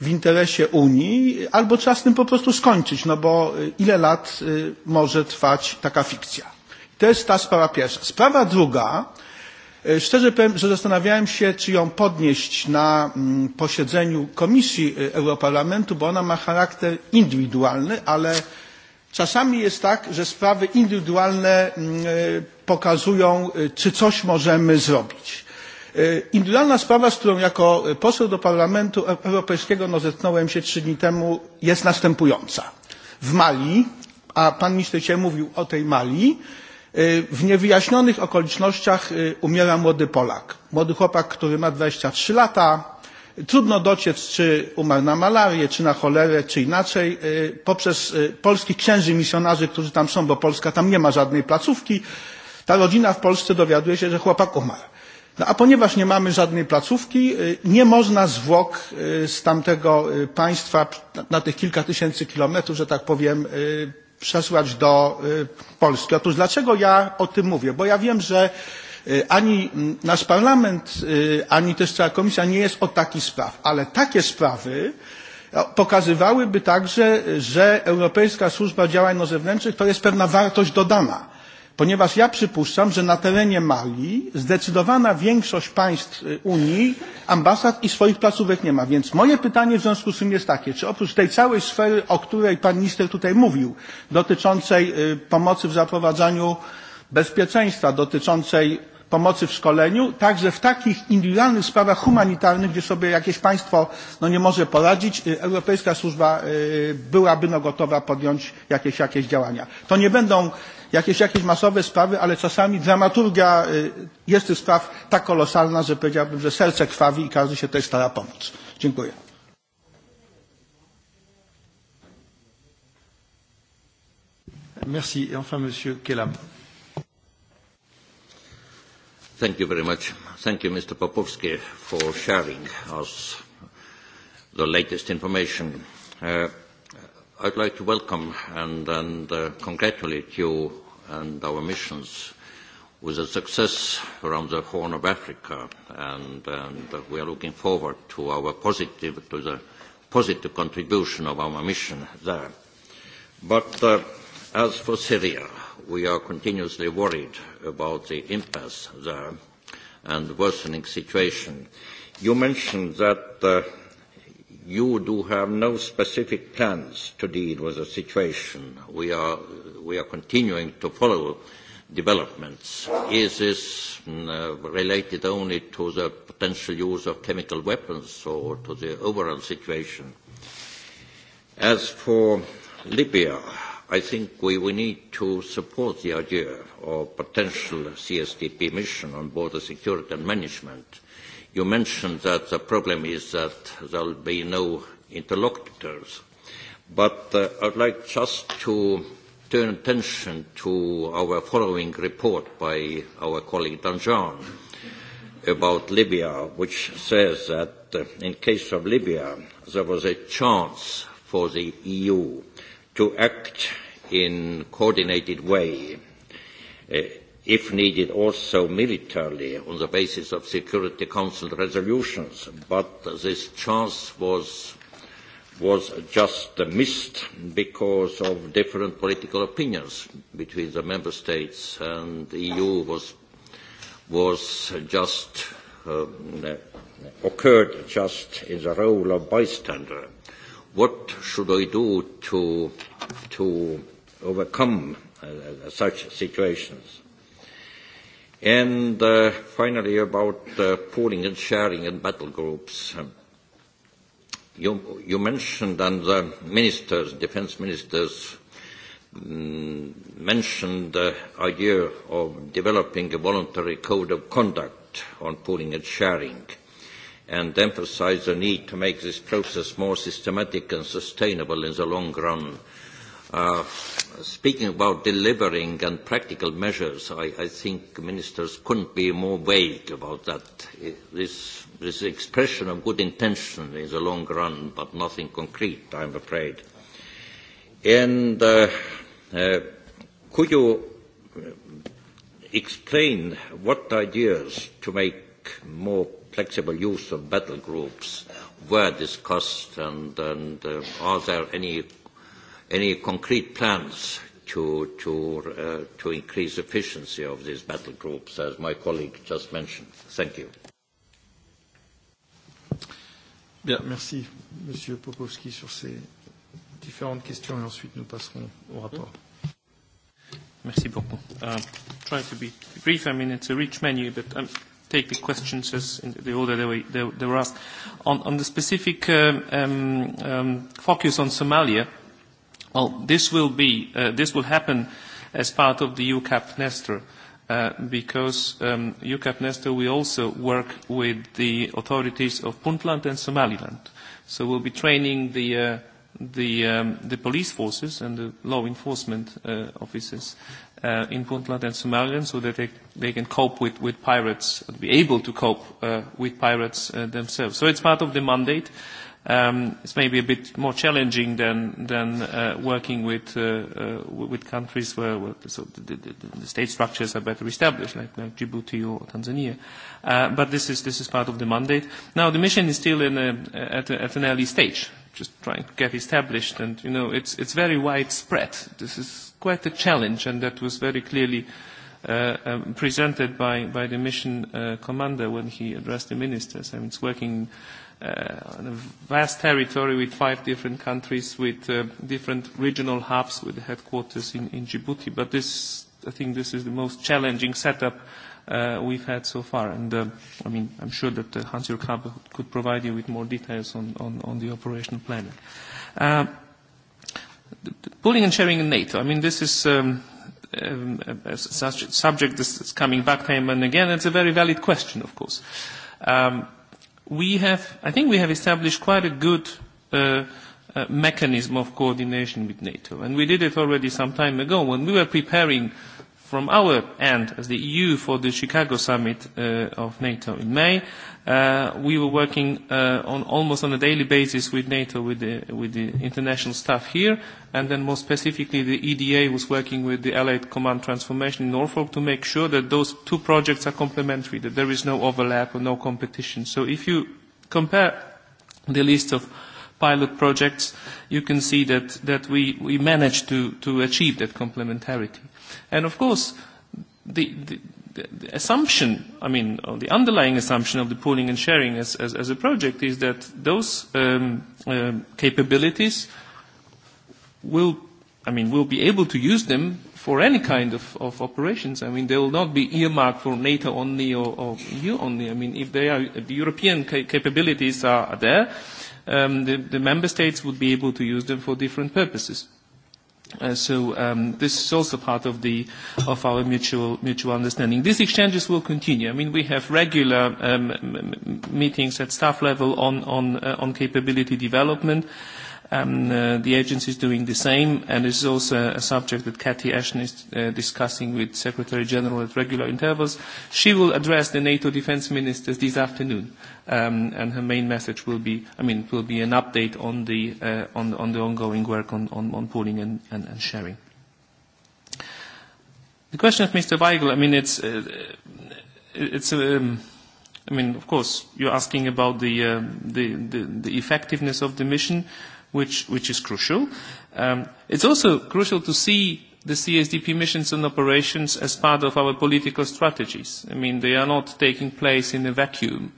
w interesie Unii, albo trzeba z tym po prostu skończyć, no bo ile lat może trwać taka fikcja. To jest ta sprawa pierwsza. Sprawa druga, E, szczerze powiem, że zastanawiałem się, czy ją podnieść na mm, posiedzeniu Komisji e, Europarlamentu, bo ona ma charakter indywidualny, ale czasami jest tak, że sprawy indywidualne mm, e, pokazują, czy coś możemy zrobić. Indywidualna sprawa, z którą jako poseł do Parlamentu Europejskiego no, zetknąłem się trzy dni temu, jest następująca. W Mali, a pan minister dzisiaj mówił o tej Mali, E, w niewyjaśnionych okolicznościach e, umiera młody Polak. Młody chłopak, który ma 23 lata. Trudno dociec, czy umarł na malarię, czy na cholerę, czy inaczej. E, poprzez polskich księży misjonarzy, którzy tam są, bo Polska tam nie ma żadnej placówki, ta rodzina w Polsce dowiaduje się, że chłopak umarł. No a ponieważ nie mamy żadnej placówki, nie można zwłok z tamtego państwa na tych kilka tysięcy kilometrów, że tak powiem, przesłać do Polski. Otóż dlaczego ja o tym mówię? Bo ja wiem, że ani nasz parlament, ani też cała komisja nie jest o takich spraw, ale takie sprawy no, pokazywałyby także, że Europejska Służba Działań Zewnętrznych to jest pewna wartość dodana. Ponieważ ja przypuszczam, że na terenie Mali zdecydowana większość państw Unii ambasad i swoich placówek nie ma. Więc moje pytanie w związku z tym jest takie, czy oprócz tej całej sfery, o której pan minister tutaj mówił, dotyczącej pomocy w zaprowadzaniu bezpieczeństwa, dotyczącej pomocy w szkoleniu, także w takich indywidualnych sprawach humanitarnych, gdzie sobie jakieś państwo no, nie może poradzić, europejska służba byłaby no, gotowa podjąć jakieś, jakieś działania. To nie będą jakieś, jakieś masowe sprawy, ale czasami dramaturgia jest tych spraw tak kolosalna, że powiedziałbym, że serce krwawi i każdy się tutaj stara pomóc. Dziękuję. Merci. Enfin, Monsieur Kelam. Thank you very much. Thank you, Mr. Popovsky, for sharing us the latest information. Uh, I'd like to welcome and, and uh, congratulate you and our missions with a success around the Horn of Africa, and, and uh, we are looking forward to our positive, to the positive contribution of our mission there. But uh, as for Syria, we are continuously worried about the impasse there and worsening situation. You mentioned that uh, you do have no specific plans to deal with the situation. We are, we are continuing to follow developments. Is this mm, uh, related only to the potential use of chemical weapons or to the overall situation? As for Libya, I think we, we need to support the idea of potential CSDP mission on border security and management. Uh, You mentioned that the problem is that there will be no interlocutors. But uh, I'd like just to turn attention to our following report by our colleague Danjan about Libya, which says that uh, in case of Libya, there was a chance for the EU to act in coordinated way. Uh, if needed, also militarily on the basis of Security Council resolutions. But this chance was, was just missed because of different political opinions between the member states and the EU was, was just, um, occurred just in the role of bystander. What should I do to, to overcome uh, such situations? And uh, finally, about uh, pooling and sharing in battle groups. You, you mentioned, and the ministers, defense ministers, um, mentioned the idea of developing a voluntary code of conduct on pooling and sharing and emphasize the need to make this process more systematic and sustainable in the long run. Uh, Uh, speaking about delivering and practical measures, I, I think ministers couldn't be more vague about that. This, this expression of good intention is a long run, but nothing concrete, I'm afraid. And uh, uh, could you uh, explain what ideas to make more flexible use of battle groups were discussed, and, and uh, are there any any concrete plans to, to, uh, to increase efficiency of these battle groups, as my colleague just mentioned. Thank you. Bien, merci, Monsieur Popovski, sur ces différentes questions, et ensuite nous passerons au rapport. Mm-hmm. Merci beaucoup. Uh, um, try to be brief. I mean, it's a rich menu, but um, take the questions as in the order they were, they were asked. On, on the specific um, um, um focus on Somalia. Well, this will be uh, this will happen as part of the UCAP Nestor, uh, because um, UCAP Nestor we also work with the authorities of Puntland and Somaliland. So we'll be training the uh, the, um, the police forces and the law enforcement uh, officers uh, in Puntland and Somaliland, so that they, they can cope with, with pirates, be able to cope uh, with pirates uh, themselves. So it's part of the mandate. Uh, um, it's maybe a bit more challenging than, than uh, working with, uh, uh with countries where, where so the, the, the state structures are better established, like, like Djibouti or Tanzania. Uh, but this is, this is part of the mandate. Now, the mission is still in a, at, a, at an early stage, just trying to get established. And, you know, it's, it's very widespread. This is quite a challenge, and that was very clearly uh, um, presented by, by the mission uh, commander when he addressed the ministers. I mean, it's working Uh, vast territory with five different countries, with uh, different regional hubs, with headquarters in, in Djibouti. But this, I think this is the most challenging setup uh, we've had so far. And uh, I mean, I'm sure that uh, Hans-Jörg could provide you with more details on, on, on the operational planning. Uh, pooling and sharing in NATO, I mean, this is... Um, um, a, a subject that's coming back time and again, it's a very valid question, of course. Um, we have i think we have established quite a good uh, uh, mechanism of coordination with nato and we did it already some time ago when we were preparing from our end as the EU for the Chicago summit uh, of NATO in May, uh, we were working uh, on, almost on a daily basis with NATO, with the, with the international staff here, and then more specifically the EDA was working with the Allied Command Transformation in Norfolk to make sure that those two projects are complementary, that there is no overlap or no competition. So if you compare the list of uh, pilot projects, you can see that, that we, we managed to, to achieve that complementarity. And of course, the, the, the assumption, I mean, or the underlying assumption of the pooling and sharing as, as, as a project is that those um, um, capabilities will, I mean, will be able to use them for any kind of, of operations. I mean, they will not be earmarked for NATO only or, or EU only. I mean, if they are, if the European ca- capabilities are there, uh, um, the, the member states would be able to use them for different purposes. Uh, so um, this is also part of, the, of our mutual, mutual understanding. These exchanges will continue. I mean, we have regular um, m- m- meetings at staff level on, on, uh, on capability development. Uh, Um, uh, the agency is doing the same, and this is also a subject that Cathy Ashton is uh, discussing with Secretary General at regular intervals. She will address the NATO defense ministers this afternoon, um, and her main message will be, I mean, it will be an update on the, uh, on, on the ongoing work on, on, on pooling and, and, and sharing. The question of Mr. Weigel, I mean, it's, uh, it's um, I mean, of course, you're asking about the, uh, the, the, the effectiveness of the mission which, which is crucial. Um, it's also crucial to see the CSDP missions and operations as part of our political strategies. I mean, they are not taking place in a vacuum.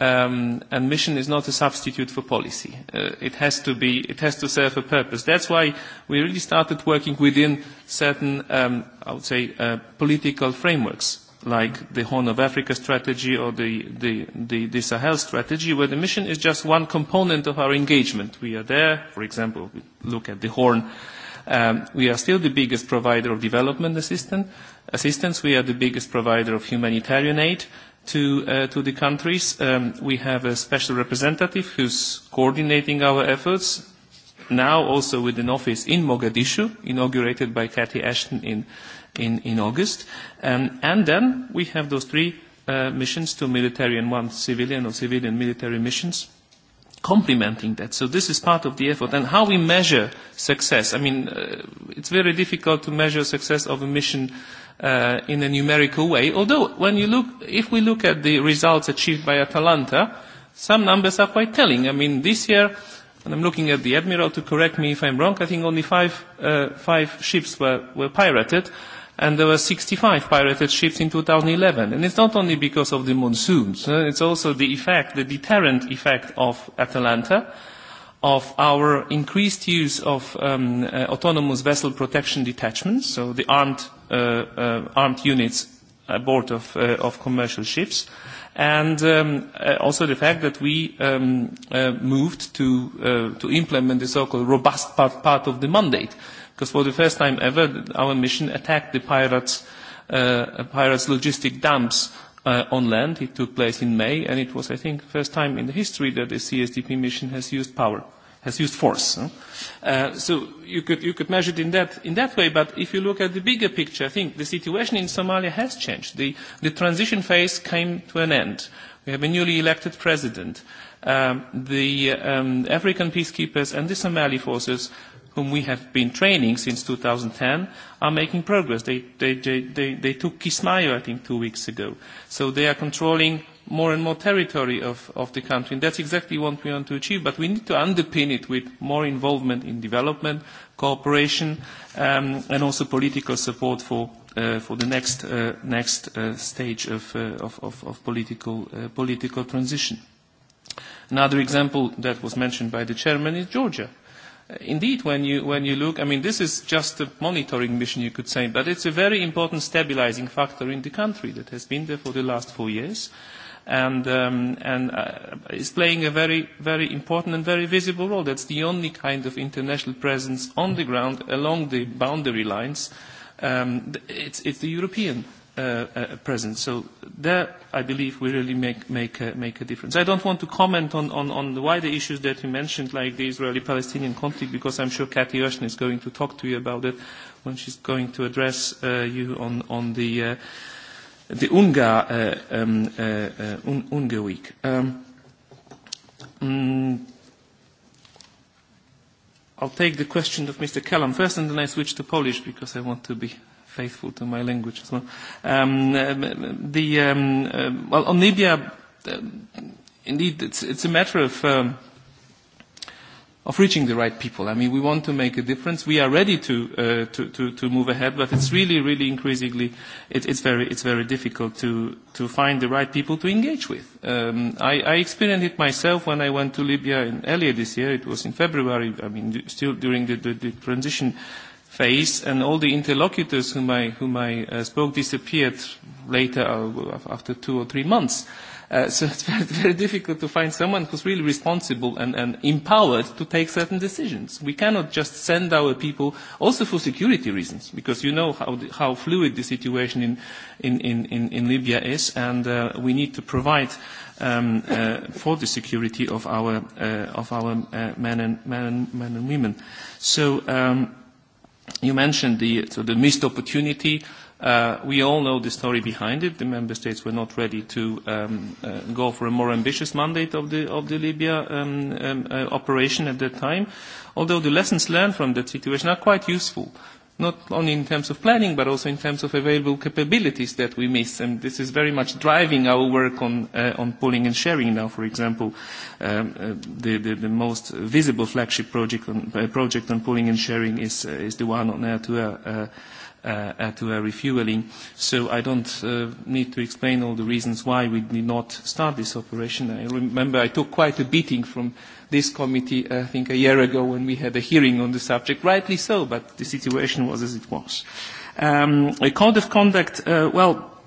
Um, and mission is not a substitute for policy. Uh, it has to be, it has to serve a purpose. That's why we really started working within certain, um, I would say, uh, political frameworks like the Horn of Africa strategy or the, the, the, the Sahel strategy, where the mission is just one component of our engagement. We are there, for example, we look at the Horn. Um, we are still the biggest provider of development assistant, assistance. We are the biggest provider of humanitarian aid to, uh, to the countries. Um, we have a special representative who's coordinating our efforts, now also with an office in Mogadishu, inaugurated by Cathy Ashton in in, in August. Um, and then we have those three uh, missions, two military and one civilian or civilian military missions, complementing that. So this is part of the effort. And how we measure success, I mean, uh, it's very difficult to measure success of a mission uh, in a numerical way. Although, when you look, if we look at the results achieved by Atalanta, some numbers are quite telling. I mean, this year, and I'm looking at the Admiral to correct me if I'm wrong, I think only five, uh, five ships were, were pirated and there were 65 pirated ships in 2011. And it's not only because of the monsoons, uh, it's also the effect, the deterrent effect of Atalanta, of our increased use of um, uh, autonomous vessel protection detachments, so the armed, uh, uh, armed units aboard of, uh, of commercial ships, and um, uh, also the fact that we um, uh, moved to, uh, to implement the so-called robust part, part of the mandate, uh, because for the first time ever our mission attacked the pirates, uh, pirates logistic dumps uh, on land. It took place in May and it was, I think, the first time in the history that the CSDP mission has used power, has used force. Huh? Uh, so you could, you could measure it in that, in that way, but if you look at the bigger picture, I think the situation in Somalia has changed. The, the transition phase came to an end. We have a newly elected president. Um, the um, African peacekeepers and the Somali forces whom we have been training since 2010, are making progress. They, they, they, they, they took Kismayo, I think, two weeks ago. So they are controlling more and more territory of, of the country. And that's exactly what we want to achieve. But we need to underpin it with more involvement in development, cooperation, um, and also political support for, uh, for the next, uh, next uh, stage of, uh, of, of, of political, uh, political transition. Another example that was mentioned by the chairman is Georgia indeed, when you, when you look, I mean, this is just a monitoring mission, you could say, but it's a very important stabilizing factor in the country that has been there for the last four years and, um, and uh, is playing a very, very important and very visible role. That's the only kind of international presence on the ground along the boundary lines. Um, it's, it's the European uh, uh, present. So there, I believe, we really make, make, uh, make a difference. I don't want to comment on, on, on the wider issues that you mentioned, like the Israeli-Palestinian conflict, because I'm sure Cathy Ashton is going to talk to you about it when she's going to address uh, you on, on the, uh, the UNGA, uh, um, uh, uh, UNGA week. Um, mm, I'll take the question of Mr. Kellam first, and then I switch to Polish, because I want to be faithful to my language as well. Um, um the, um, uh, well, on Libya, uh, indeed, it's, it's a matter of, um, of reaching the right people. I mean, we want to make a difference. We are ready to, uh, to, to, to move ahead, but it's really, really increasingly, it, it's, very, it's very difficult to, to find the right people to engage with. Um, I, I experienced it myself when I went to Libya in, earlier this year. It was in February, I mean, d- still during the, the, the transition uh, face, and all the interlocutors whom I, whom I uh, spoke disappeared later, uh, after two or three months. Uh, so it's very, very difficult to find someone who's really responsible and, and empowered to take certain decisions. We cannot just send our people, also for security reasons, because you know how, the, how fluid the situation in, in, in, in Libya is, and uh, we need to provide um, uh, for the security of our, uh, of our uh, men, and, men, and, men and women. So... Um, You mentioned the, so the missed opportunity. Uh, we all know the story behind it. The member states were not ready to um, uh, go for a more ambitious mandate of the, of the Libya um, um, uh, operation at that time. Although the lessons learned from that situation are quite useful not only in terms of planning, but also in terms of available capabilities that we miss. And this is very much driving our work on, uh, on pooling and sharing now, for example, um, uh, the, the, the most visible flagship project on, uh, project on pooling and sharing is, uh, is the one on air to air. Uh, uh, Uh, uh, to a uh, refueling. So I don't uh, need to explain all the reasons why we did not start this operation. I remember I took quite a beating from this committee, uh, I think, a year ago when we had a hearing on the subject. Rightly so, but the situation was as it was. Um, a code of conduct, uh, well,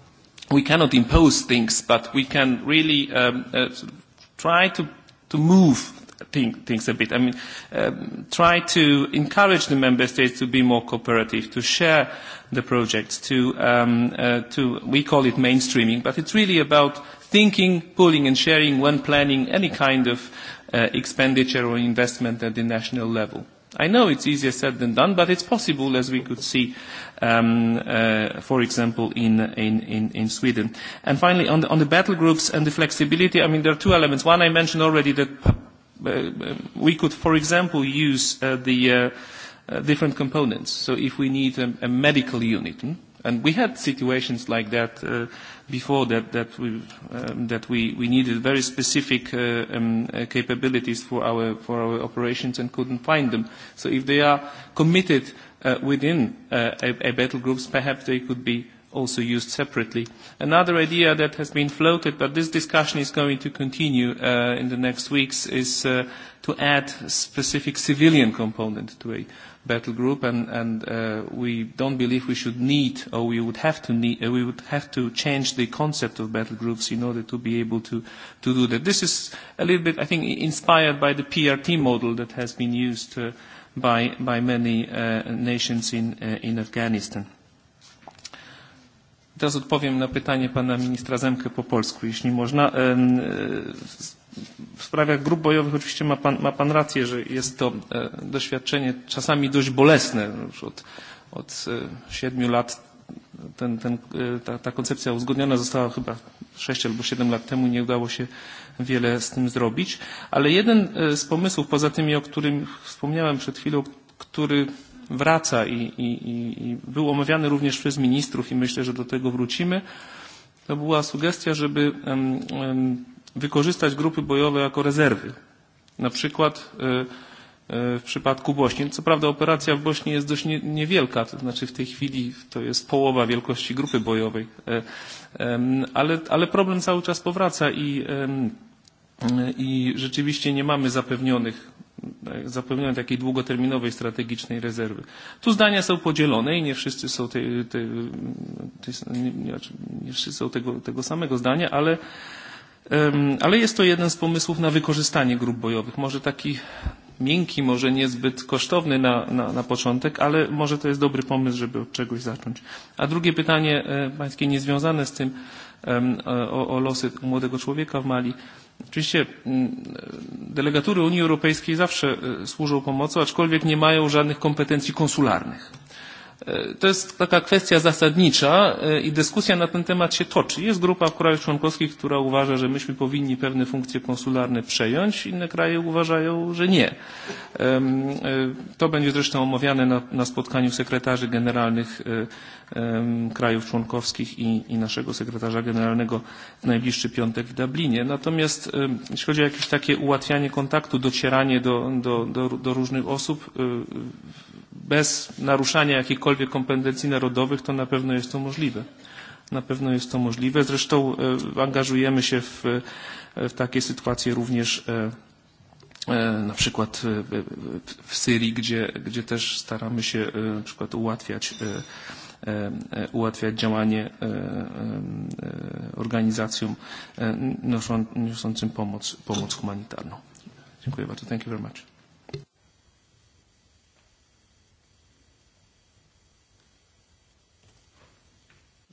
we cannot impose things, but we can really um, uh, sort of try to, to move think, things a bit. I mean, um, try to encourage the member states to be more cooperative, to share the projects, to, um, uh, to we call it mainstreaming, but it's really about thinking, pooling and sharing when planning any kind of uh, expenditure or investment at the national level. I know it's easier said than done, but it's possible, as we could see, um, uh, for example, in, in, in Sweden. And finally, on the, on the battle groups and the flexibility, I mean, there are two elements. One, I mentioned already that Uh, uh, we could, for example, use uh, the uh, uh, different components. So if we need a, a medical unit, hmm? and we had situations like that uh, before that, that, um, that we, we needed very specific uh, um, uh, capabilities for our, for our operations and couldn't find them. So if they are committed uh, within uh, a, a battle groups, perhaps they could be also used separately. Another idea that has been floated, but this discussion is going to continue uh, in the next weeks, is uh, to add specific civilian component to a battle group, and, and uh, we don't believe we should need, or we would, have to need, uh, we would have to change the concept of battle groups in order to be able to, to do that. This is a little bit, I think, inspired by the PRT model that has been used uh, by, by many uh, nations in, uh, in Afghanistan. Teraz odpowiem na pytanie pana ministra Zemkę po polsku, jeśli można. E, w sprawach grup bojowych oczywiście ma pan, ma pan rację, że jest to e, doświadczenie czasami dość bolesne. No już od, od e, siedmiu lat ten, ten, ta, ta koncepcja uzgodniona została chyba sześć albo siedem lat temu. Nie udało się wiele z tym zrobić. Ale jeden z pomysłów, poza tymi, o którym wspomniałem przed chwilą, który wraca i, i, i, i był omawiany również przez ministrów i myślę, że do tego wrócimy, to była sugestia, żeby um, um, wykorzystać grupy bojowe jako rezerwy. Na przykład y, e, y, e, w przypadku Bośni. Co prawda operacja w Bośni jest dość nie, niewielka, to znaczy w tej chwili to jest połowa wielkości grupy bojowej, y, e, y, ale, ale problem cały czas powraca i y, y, y, rzeczywiście nie mamy zapewnionych zapewniają takiej długoterminowej strategicznej rezerwy. Tu zdania są podzielone i nie wszyscy są, te, te, te, nie, nie wszyscy są tego, tego samego zdania, ale, um, ale jest to jeden z pomysłów na wykorzystanie grup bojowych. Może taki miękki, może niezbyt kosztowny na, na, na początek, ale może to jest dobry pomysł, żeby od czegoś zacząć. A drugie pytanie, e, pańskie, niezwiązane z tym, um, o, o losy młodego człowieka w Mali. Um, Oczywiście mm, delegatury Unii Europejskiej zawsze służą pomocą, aczkolwiek nie mają żadnych kompetencji konsularnych. E, to jest taka kwestia zasadnicza e, i dyskusja na ten temat się toczy. Jest grupa krajów członkowskich, która uważa, że myśmy powinni pewne funkcje konsularne przejąć, inne kraje uważają, że nie. E, to będzie zresztą omawiane na, na spotkaniu sekretarzy generalnych krajów członkowskich i, i naszego sekretarza generalnego w najbliższy piątek w Dublinie. Natomiast jeśli chodzi o jakieś takie ułatwianie kontaktu, docieranie do, do, do, do różnych osób, bez naruszania jakichkolwiek kompetencji narodowych, to na pewno jest to możliwe. Na pewno jest to możliwe. Zresztą e, angażujemy się w, e, w takie sytuacje również e, na przykład w Syrii, gdzie, gdzie też staramy się na przykład ułatwiać, ułatwiać działanie organizacjom noszącym pomoc, pomoc humanitarną. Dziękuję bardzo. Thank you very much.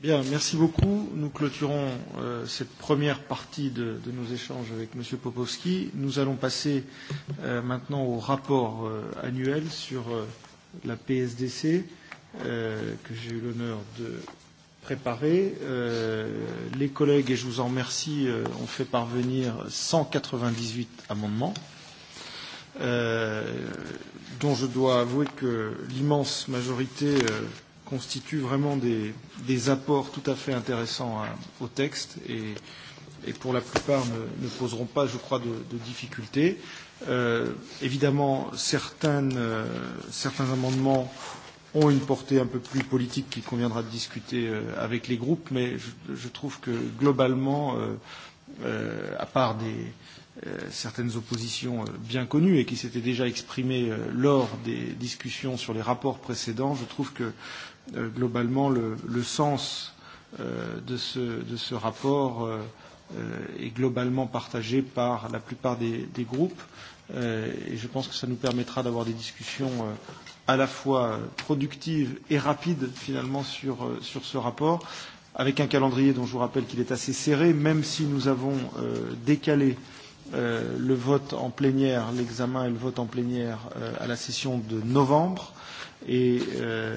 Bien, merci beaucoup. Nous clôturons euh, cette première partie de, de nos échanges avec M. Popowski. Nous allons passer euh, maintenant au rapport euh, annuel sur euh, la PSDC euh, que j'ai eu l'honneur de préparer. Euh, les collègues, et je vous en remercie, euh, ont fait parvenir 198 amendements. Euh, dont je dois avouer que l'immense majorité euh, constituent vraiment des, des apports tout à fait intéressants à, au texte et, et pour la plupart ne, ne poseront pas, je crois, de, de difficultés. Euh, évidemment, certaines, euh, certains amendements ont une portée un peu plus politique qu'il conviendra de discuter euh, avec les groupes, mais je, je trouve que globalement, euh, euh, à part des, euh, certaines oppositions euh, bien connues et qui s'étaient déjà exprimées euh, lors des discussions sur les rapports précédents, je trouve que euh, Euh, globalement le, le sens euh, de, ce, de ce rapport euh, euh, est globalement partagé par la plupart des, des groupes euh, et je pense que ça nous permettra d'avoir des discussions euh, à la fois productives et rapides finalement sur, euh, sur ce rapport avec un calendrier dont je vous rappelle qu'il est assez serré même si nous avons euh, décalé euh, le vote en plénière, l'examen et le vote en plénière euh, à la session de novembre. Euh, Et euh,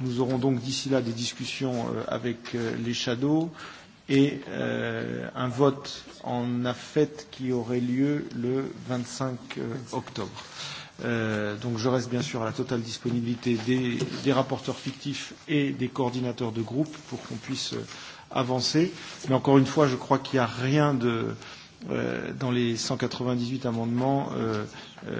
nous aurons donc d'ici là des discussions euh, avec euh, les shadows et euh, un vote en affect qui aurait lieu le 25 euh, octobre. Euh, donc je reste bien sûr à la totale disponibilité des, des rapporteurs fictifs et des coordinateurs de groupe pour qu'on puisse euh, avancer. Mais encore une fois, je crois qu'il n'y a rien de, euh, dans les 198 amendements. Euh, Euh,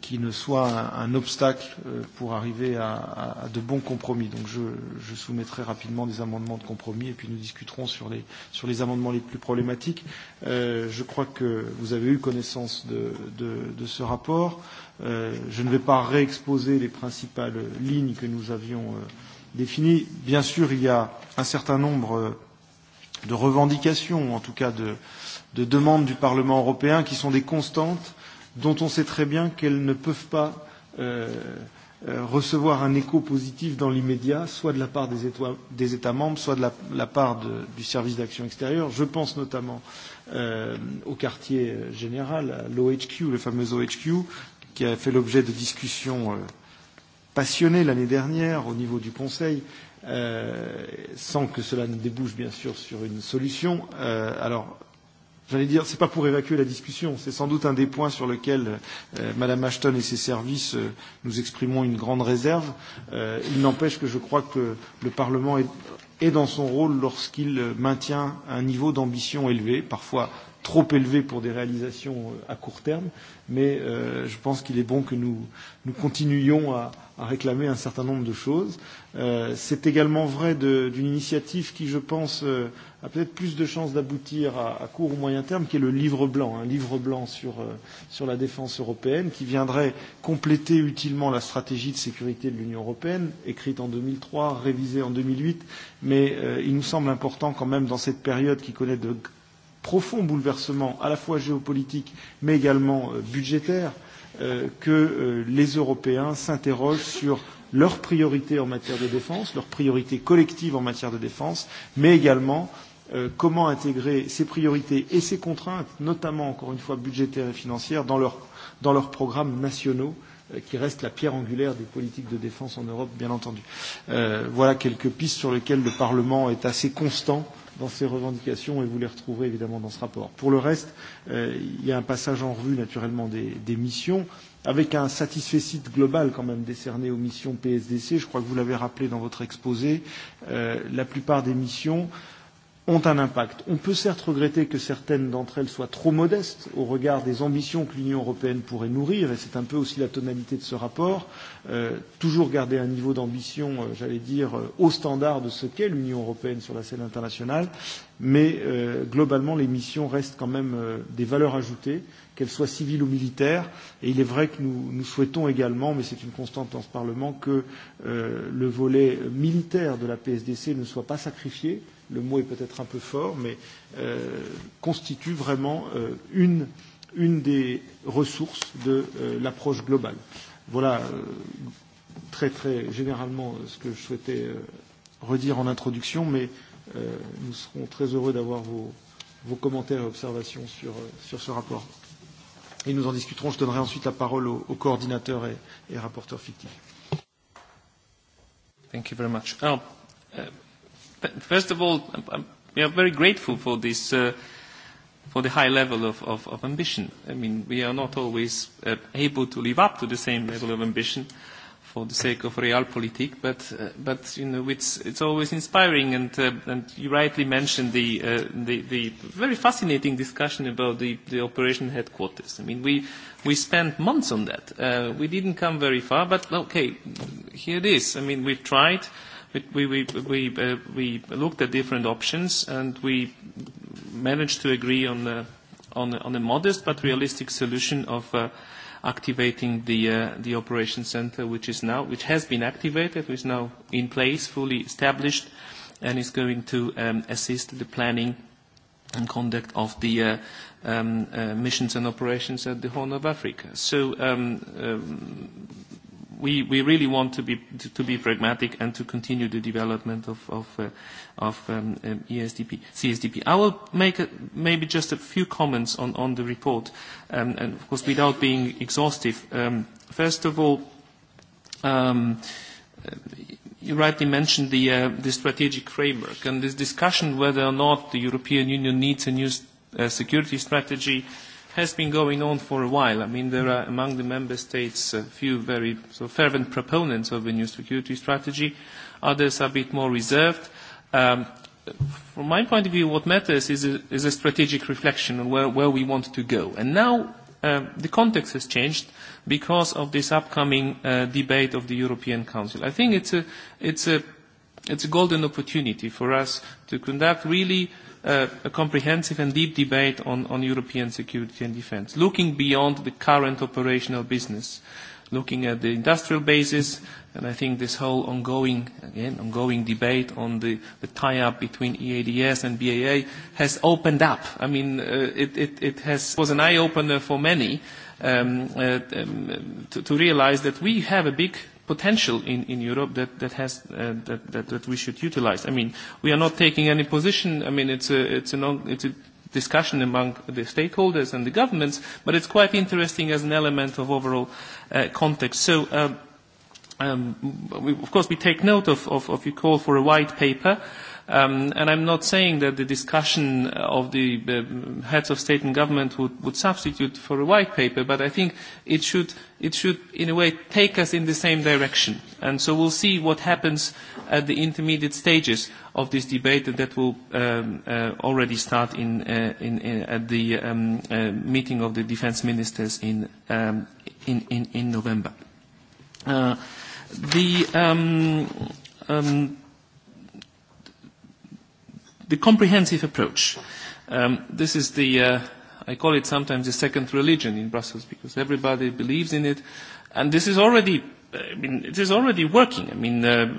qui ne soit un, un obstacle euh, pour arriver à, à, à de bons compromis. Donc je, je soumettrai rapidement des amendements de compromis et puis nous discuterons sur les, sur les amendements les plus problématiques. Euh, je crois que vous avez eu connaissance de, de, de ce rapport. Euh, je ne vais pas réexposer les principales lignes que nous avions euh, définies. Bien sûr, il y a un certain nombre euh, de revendications, en tout cas de, de demandes du Parlement européen qui sont des constantes dont on sait très bien qu'elles ne peuvent pas euh, euh, recevoir un écho positif dans l'immédiat, soit de la part des, éto- des États membres, soit de la, la part de, du service d'action extérieure. Je pense notamment euh, au quartier euh, général, à l'OHQ, le fameux OHQ, qui a fait l'objet de discussions euh, passionnées l'année dernière au niveau du Conseil. Euh, sans que cela ne débouche bien sûr sur une solution. Euh, alors, J'allais dire, c'est pas pour évacuer la discussion, c'est sans doute un des points sur lequel euh, Madame Ashton et ses services euh, nous exprimons une grande réserve. Euh, il n'empêche que je crois que le Parlement est, est dans son rôle lorsqu'il euh, maintient un niveau d'ambition élevé, parfois trop élevé pour des réalisations euh, à court terme, mais euh, je pense qu'il est bon que nous, nous continuions à, à réclamer un certain nombre de choses. Euh, C'est également vrai d'une initiative qui, je pense, euh, a peut-être plus de chances d'aboutir à, à court ou moyen terme, qui est le livre blanc, un hein, livre blanc sur, euh, sur la défense européenne, qui viendrait compléter utilement la stratégie de sécurité de l'Union européenne, écrite en 2003, révisée en 2008, mais euh, il nous semble important quand même dans cette période qui connaît de profond bouleversement, à la fois géopolitique, mais également euh, budgétaire, euh, que euh, les Européens s'interrogent sur leurs priorités en matière de défense, leurs priorités collectives en matière de défense, mais également comment intégrer ces priorités et ces contraintes, notamment encore une fois budgétaires et financières, dans, leur, dans leurs programmes nationaux qui reste la pierre angulaire des politiques de défense en Europe, bien entendu. Euh, voilà quelques pistes sur lesquelles le Parlement est assez constant euh, dans ces revendications et vous les retrouverez évidemment dans ce rapport. Pour le reste, euh, il y a un passage en revue naturellement des, des missions avec un satisfait global quand même décerné aux missions PSDC. Je crois que vous l'avez rappelé dans votre exposé. Euh, la plupart des missions ont un impact. On peut certes regretter que certaines d'entre elles soient trop modestes au regard des ambitions que l'Union européenne pourrait nourrir, et c'est un peu aussi la tonalité de ce rapport, euh, toujours garder un niveau d'ambition, euh, j'allais dire, euh, au standard de ce qu'est l'Union européenne sur la scène internationale, mais euh, globalement, les missions restent quand même euh, des valeurs ajoutées, qu'elles soient civiles ou militaires, et il est vrai que nous, nous souhaitons également, mais c'est une constante dans ce Parlement, que euh, le volet militaire de la PSDC ne soit pas sacrifié, le mot est peut-être un peu fort, mais euh, constitue vraiment euh, une, une des ressources de euh, l'approche globale. Voilà euh, très très généralement euh, ce que je souhaitais euh, redire en introduction, mais euh, nous serons très heureux d'avoir vos, vos commentaires et observations sur, euh, sur ce rapport. Et nous en discuterons. Je donnerai ensuite la parole aux au coordinateurs et, et rapporteurs fictifs. Thank you very much. Oh, uh first of all, um, um, we are very grateful for this, uh, for the high level of, of, of ambition. I mean, we are not always uh, able to live up to the same level of ambition for the sake of realpolitik, but, uh, but you know, it's, it's always inspiring, and, uh, and you rightly mentioned the, uh, the, the very fascinating discussion about the, the operation headquarters. I mean, we, we spent months on that. Uh, we didn't come very far, but okay, here it is. I mean, we've tried. Uh, we, we, we, uh, we looked at different options and we managed to agree on a, on a, on a modest but realistic solution of uh, activating the, uh, the operation center which, is now, which has been activated, which is now in place, fully established and is going to um, assist the planning and conduct of the uh, um, uh, missions and operations at the Horn of Africa. So um, um, we really want to be pragmatic and to continue the development of CSDP. Uh, um, um, e I will make maybe just a few comments on the report, um, and of course, without being exhaustive. First of all, uh, you rightly mentioned uh, the strategic framework and this discussion whether or not the European Union needs a new security strategy has been going on for a while. I mean, there are among the member states a few very so fervent proponents of a new security strategy. Others are a bit more reserved. Um, from my point of view, what matters is a, is a strategic reflection on where, where we want to go. And now um, the context has changed because of this upcoming uh, debate of the European Council. I think it's a, it's, a, it's a golden opportunity for us to conduct really uh, uh, a comprehensive and deep debate on, on European security and defence, looking beyond the current operational business, looking at the industrial basis, and I think this whole ongoing, again, ongoing debate on the, the tie-up between EADS and BAA has opened up. I mean, uh, it, it, it has, was an eye-opener for many um, uh, um, to, to realise that we have a big potential in Europe uh, that we should utilize. I mean, we are not taking any position. I mean, it's a discussion among the stakeholders and the governments, but it's quite interesting as an element of overall uh, context. Um, um, of course, we take note of your call for a white paper. Um, and I'm not saying that the discussion of the uh, heads of state and government would, would substitute for a white paper, but I think it should, it should, in a way, take us in the same direction. And so we'll see what happens at the intermediate stages of this debate and that will um, uh, already start in, uh, in, in, at the um, uh, meeting of the defense ministers in, um, in, in, in November. Uh, the... Um, um, the comprehensive approach. Um, this is the, uh, I call it sometimes the second religion in Brussels because everybody believes in it. And this is already, I mean, it is already working. I mean, uh,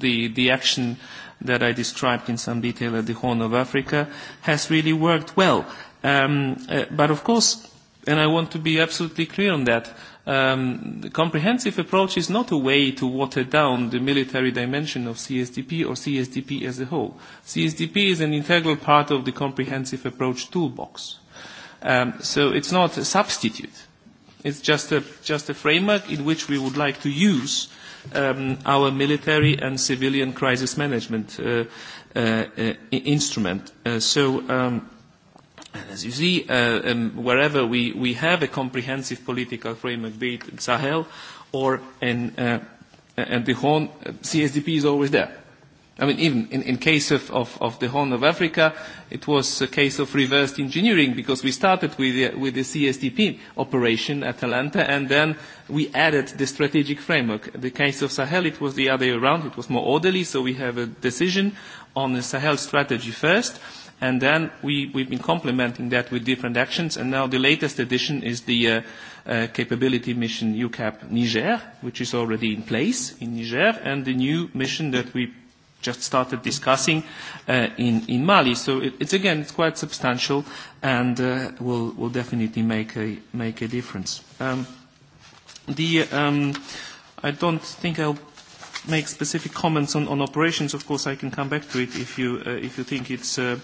the, the action that I described in some detail at the Horn of Africa has really worked well. Um, uh, but of course, and I want to be absolutely clear on that, uh, um, comprehensive approach is not a way to water down the military dimension of CSDP or CSDP as a whole. CSDP is an integral part of the comprehensive approach toolbox. Um, so it's not a substitute. It's just a, just a framework in which we would like to use um, our military and civilian crisis management uh, uh, uh, instrument. Uh, so. Um, And as you see, uh, um, wherever we, we have a comprehensive political framework, be it Sahel or in, uh, in the Horn, uh, CSDP is always there. I mean, even in, in case of, of, of the Horn of Africa, it was a case of reversed engineering because we started with the, uh, with the CSDP operation at Atalanta and then we added the strategic framework. In the case of Sahel, it was the other way around. It was more orderly, so we have a decision on the Sahel strategy first. Uh, and then we've been complementing that with different actions. Now the latest addition is the uh, uh, capability mission EUCAP Niger, which is already in place in Niger, and the new mission that we just started discussing uh, in Mali. It's again, it's quite substantial and will definitely make a difference. Um, um, I don't think I'll make specific comments on, on operations. Of course, I can come back to it if you, uh, if you think it's, uh,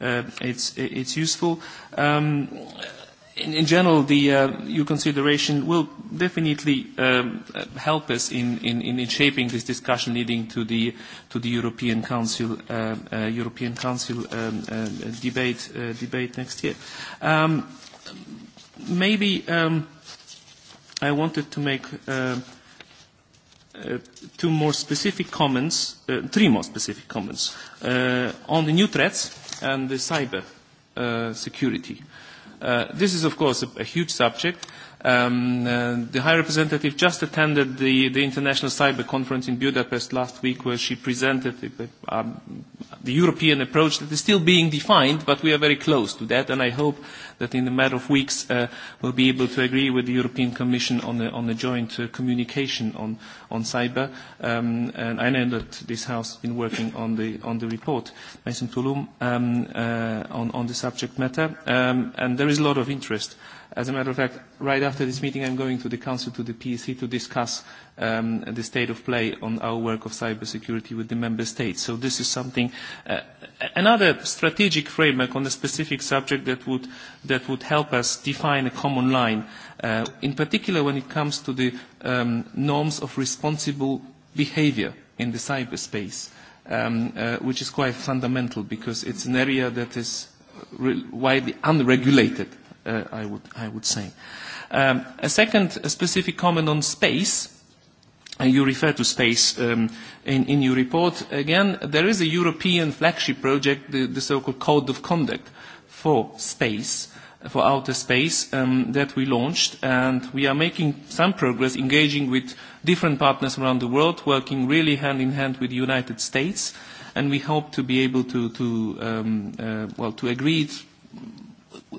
uh, it's, it's useful. Um, in, in general, the, uh, your consideration will definitely um, help us in, in, in shaping this discussion leading to the, to the European Council, uh, uh, European Council um, uh, debate, uh, debate next year. Um, maybe um, I wanted to make uh, Uh, two more specific comments, uh, three more specific comments, uh, on the new threats and the cyber uh, security. Uh, this is, of course, a, a huge subject. Um, uh, the High Representative just attended the, the International Cyber Conference in Budapest last week where she presented the, um, the European approach that is still being defined, but we are very close to that, and I hope that in a matter of weeks uh, we'll be able to agree with the European Commission on a, on a joint uh, communication on, on cyber, um, and I know that this House has been working on the, on the report, Mason Tulum, um, uh, on, on the subject matter, um, and there is a lot of interest. As a matter of fact, right after this meeting, I'm going to the Council, to the PEC, to discuss um, the state of play on our work of cybersecurity with the member states. So this is something, uh, another strategic framework on a specific subject that would, that would help us define a common line, uh, in particular when it comes to the um, norms of responsible behavior in the cyberspace, um, uh, which is quite fundamental because it's an area that is re- widely unregulated, uh, I, would, I would say. Um, a second a specific comment on space. You refer to space um, in, in your report. Again, there is a European flagship project, the, the so-called Code of Conduct for Space, uh, for outer space um, that we launched, and we are making some progress engaging with different partners around the world, working really hand in hand with the United States, and we hope to be able to um, uh, agree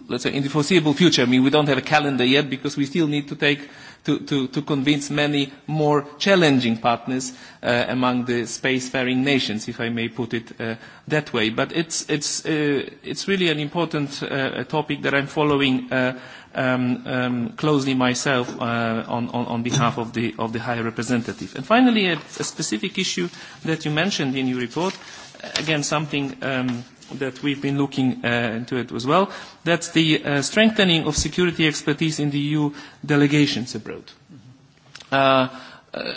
let's say, in the foreseeable future. I mean, we don't have a calendar yet because we still need to take to, to, to convince many more challenging partners uh, among the spacefaring nations, if I may put it uh, that way. But it's, it's, uh, it's really an important uh, topic that I'm following uh, um, um, closely myself uh, on, on, on behalf of the, of the High Representative. And finally, a, a specific issue that you mentioned in your report, uh, again, something um, that we've been looking uh, into it as well. That's the uh, strengthening of security expertise in the EU delegations abroad. Mm-hmm. Uh, uh,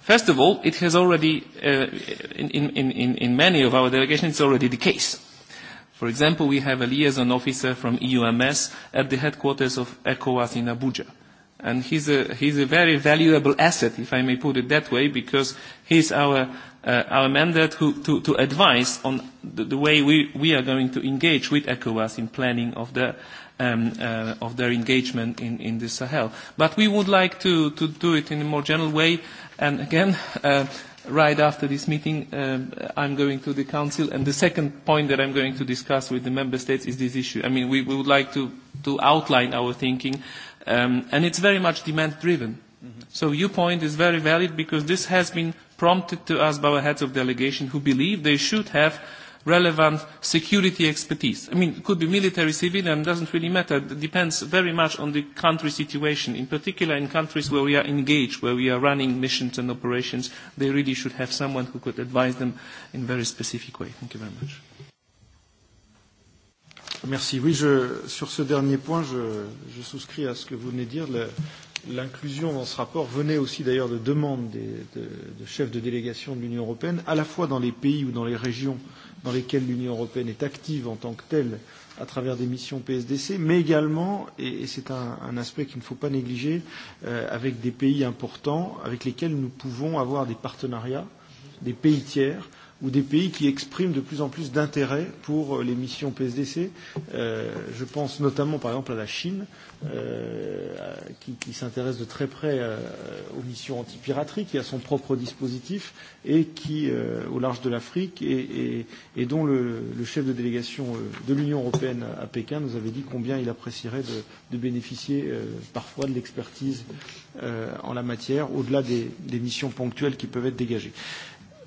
first of all, it has already, uh, in, in, in, in many of our delegations, it's already the case. For example, we have a liaison officer from EUMS at the headquarters of ECOWAS in Abuja. And he's a, he's a very valuable asset, if I may put it that way, because he's our uh, our mandate to, to, to advise on the, the way we, we are going to engage with ECOWAS in planning of, the, um, uh, of their engagement in, in the Sahel. But we would like to, to do it in a more general way. And again, uh, right after this meeting, um, I'm going to the Council. And the second point that I'm going to discuss with the Member States is this issue. I mean, we, we would like to, to outline our thinking. Um, and it's very much demand-driven. Mm-hmm. So your point is very valid because this has been prompted to us by the heads of delegation who believe they should have relevant security expertise. I mean, it could be military, civilian, doesn't really matter. It depends very much on the country situation. In particular, in countries where we are engaged, where we are running missions and operations, they really should have someone who could advise them in a very specific way. Thank you very much. Merci. Oui, je, sur ce dernier point, je, je souscris à ce que vous venez de dire. Le, l'inclusion dans ce rapport venait aussi d'ailleurs de demandes des, de, de chefs de délégation de l'Union européenne, à la fois dans les pays ou dans les régions dans lesquelles l'Union européenne est active en tant que telle à travers des missions PSDC, mais également, et, et c'est un, un aspect qu'il ne faut pas négliger, euh, avec des pays importants avec lesquels nous pouvons avoir des partenariats, des pays tiers, euh, ou des pays qui expriment de plus en plus d'intérêt pour euh, les missions PSDC. Euh, je pense notamment par exemple à la Chine, euh, qui, qui s'intéresse de très près euh, aux missions antipiraterie, qui a son propre dispositif, et qui, euh, au large de l'Afrique, et, et, et dont le, le chef de délégation euh, de l'Union européenne à Pékin nous avait dit combien il apprécierait de, de bénéficier euh, parfois de l'expertise euh, en la matière, au-delà des, des missions ponctuelles qui peuvent être dégagées.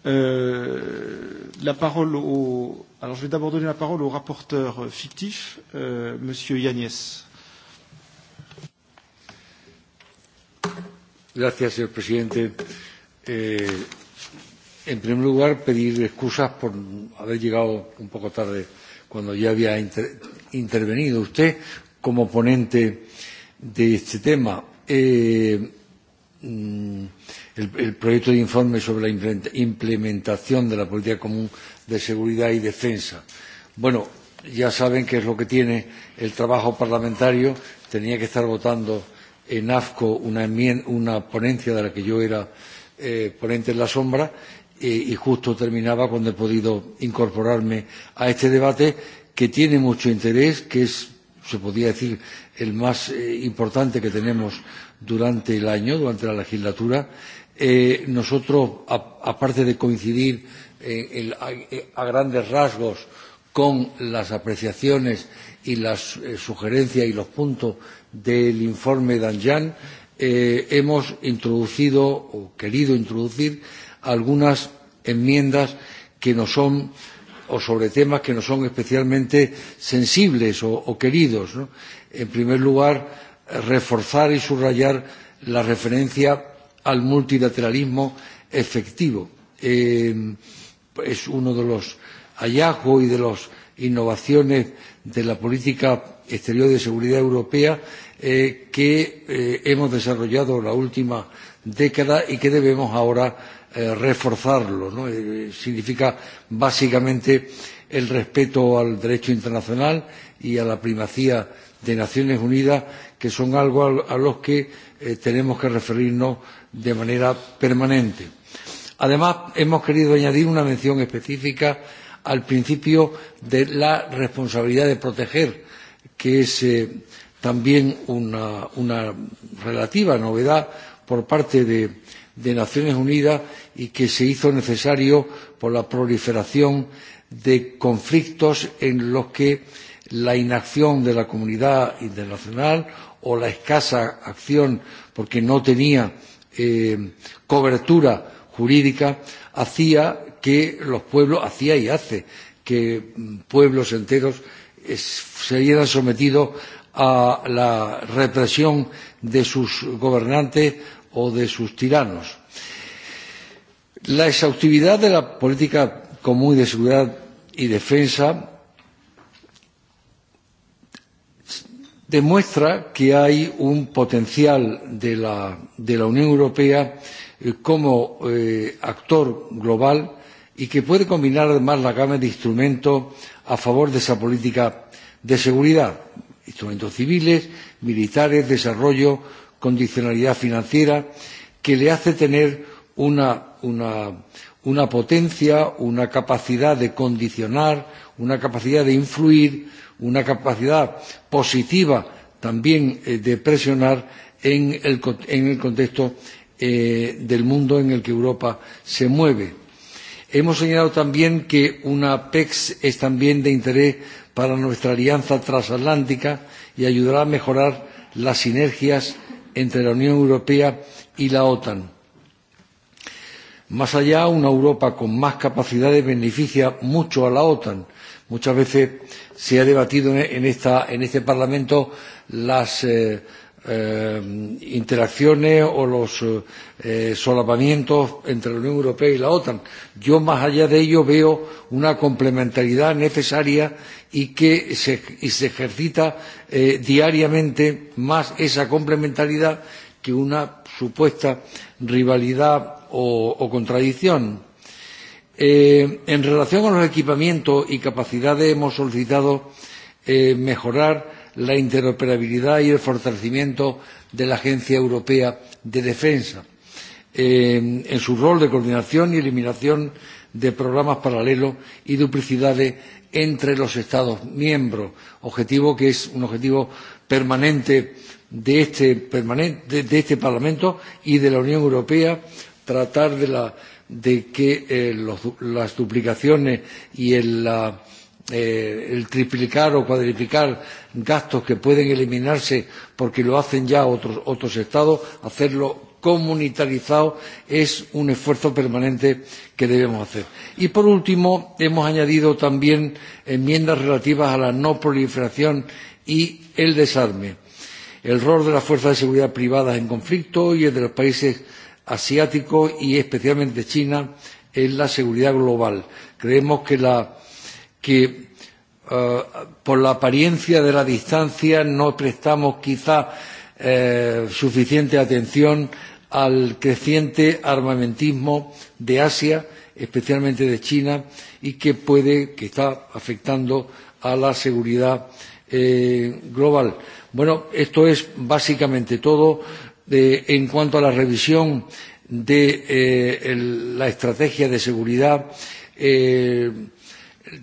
Euh, la parole au. Alors, je vais d'abord donner la parole au rapporteur fictif, euh, Monsieur Yagnès. Gracias, señor presidente. Eh, en primer lugar, pedir excusas por haber llegado un poco tarde cuando ya había inter intervenido usted como ponente de este tema. Eh, Mm, el, el proyecto de informe sobre la implementación de la política común de seguridad y defensa. Bueno, ya saben qué es lo que tiene el trabajo parlamentario. Tenía que estar votando en AFCO una, una ponencia de la que yo era eh, ponente en la sombra y, eh, y justo terminaba cuando he podido incorporarme a este debate que tiene mucho interés, que es, se podría decir, el más eh, importante que tenemos durante el año, durante la legislatura, eh, nosotros, aparte de coincidir eh, el, a, eh, a grandes rasgos con las apreciaciones y las eh, sugerencias y los puntos del informe Danjan, eh, hemos introducido o querido introducir algunas enmiendas que nos son o sobre temas que no son especialmente sensibles o, o queridos. ¿no? En primer lugar, reforzar y subrayar la referencia al multilateralismo efectivo. Eh, es uno de los hallazgos y de las innovaciones de la política exterior de seguridad europea eh, que eh, hemos desarrollado en la última década y que debemos ahora eh, reforzarlo. ¿no? Eh, significa básicamente el respeto al derecho internacional y a la primacía de Naciones Unidas que son algo a, a los que eh, tenemos que referirnos de manera permanente. Además, hemos querido añadir una mención específica al principio de la responsabilidad de proteger, que es eh, también una, una relativa novedad por parte de, de Naciones Unidas y que se hizo necesario por la proliferación de conflictos en los que la inacción de la comunidad internacional o la escasa acción porque no tenía eh, cobertura jurídica, hacía que los pueblos, hacía y hace que mm, pueblos enteros es, eh, se vieran sometidos a la represión de sus gobernantes o de sus tiranos. La exhaustividad de la política común de seguridad y defensa demuestra que hay un potencial de la, de la Unión Europea eh, como eh, actor global y que puede combinar además la gama de instrumentos a favor de esa política de seguridad instrumentos civiles, militares, desarrollo, condicionalidad financiera, que le hace tener una, una, una potencia, una capacidad de condicionar, una capacidad de influir, una capacidad positiva también eh, de presionar en el, en el contexto eh, del mundo en el que Europa se mueve. Hemos señalado también que una PEX es también de interés para nuestra alianza transatlántica y ayudará a mejorar las sinergias entre la Unión Europea y la OTAN. Más allá, una Europa con más capacidades beneficia mucho a la OTAN. Muchas veces se ha debatido en, esta, en este Parlamento las eh, eh, interacciones o los eh, solapamientos entre la Unión Europea y la OTAN. Yo, más allá de ello, veo una complementariedad necesaria y que se, y se ejercita eh, diariamente más esa complementariedad que una supuesta rivalidad o, o contradicción. Eh, en relación con los equipamientos y capacidades, hemos solicitado eh, mejorar la interoperabilidad y el fortalecimiento de la Agencia Europea de Defensa eh, en su rol de coordinación y eliminación de programas paralelos y duplicidades entre los Estados miembros, objetivo que es un objetivo permanente de este, permanente, de, de este Parlamento y de la Unión Europea tratar de la de que eh, los, las duplicaciones y el, la, eh, el triplicar o cuadriplicar gastos que pueden eliminarse porque lo hacen ya otros, otros estados, hacerlo comunitarizado es un esfuerzo permanente que debemos hacer. Y por último, hemos añadido también enmiendas relativas a la no proliferación y el desarme. El rol de las fuerzas de seguridad privadas en conflicto y el de los países asiático y especialmente China en la seguridad global. Creemos que, la, que uh, por la apariencia de la distancia no prestamos quizá uh, suficiente atención al creciente armamentismo de Asia, especialmente de China, y que puede que está afectando a la seguridad eh, global. Bueno, esto es básicamente todo de, en cuanto a la revisión de eh, el, la estrategia de seguridad, eh,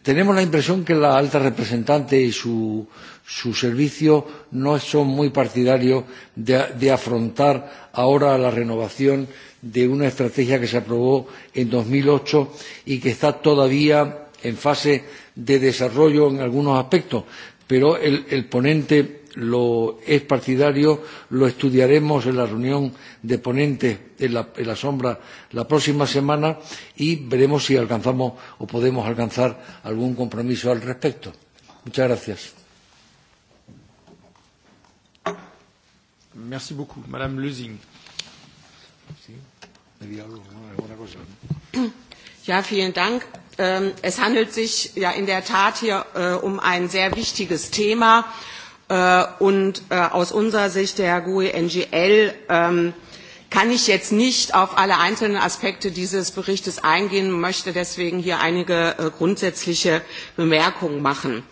tenemos la impresión que la alta representante y su, su servicio no son muy partidarios de, de afrontar ahora la renovación de una estrategia que se aprobó en 2008 y que está todavía en fase de desarrollo en algunos aspectos, pero el, el ponente lo es partidario, lo estudiaremos en la reunión de ponentes en la, en la sombra la próxima semana y veremos si alcanzamos o podemos alcanzar algún compromiso al respecto. Muchas gracias. Merci beaucoup, Madame Lusing. Sí. ¿no? Alguna cosa, ¿no? Ja, vielen Dank. Ähm, es handelt sich ja in der Tat hier äh, um ein sehr wichtiges Thema. Äh, und äh, aus unserer Sicht der GUE NGL ähm, kann ich jetzt nicht auf alle einzelnen Aspekte dieses Berichtes eingehen, möchte deswegen hier einige äh, grundsätzliche Bemerkungen machen.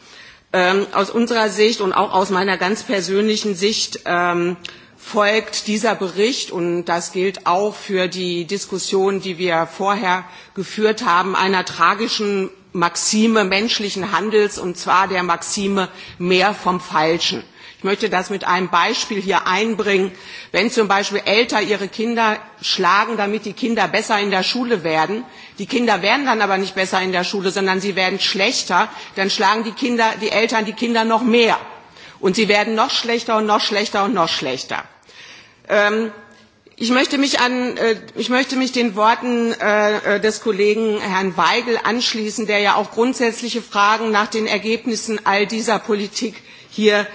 Ähm, aus unserer Sicht und auch aus meiner ganz persönlichen Sicht ähm, folgt dieser Bericht und das gilt auch für die Diskussion, die wir vorher geführt haben, einer tragischen Maxime menschlichen Handels, und zwar der Maxime mehr vom Falschen. Ich möchte das mit einem Beispiel hier einbringen. Wenn zum Beispiel Eltern ihre Kinder schlagen, damit die Kinder besser in der Schule werden, die Kinder werden dann aber nicht besser in der Schule, sondern sie werden schlechter, dann schlagen die, Kinder, die Eltern die Kinder noch mehr. Und sie werden noch schlechter und noch schlechter und noch schlechter. Ähm, Ich möchte, mich an, äh, ich möchte mich den Worten äh, äh, des Kollegen Herrn Weigel anschließen, der ja auch grundsätzliche Fragen nach den Ergebnissen all dieser Politik hier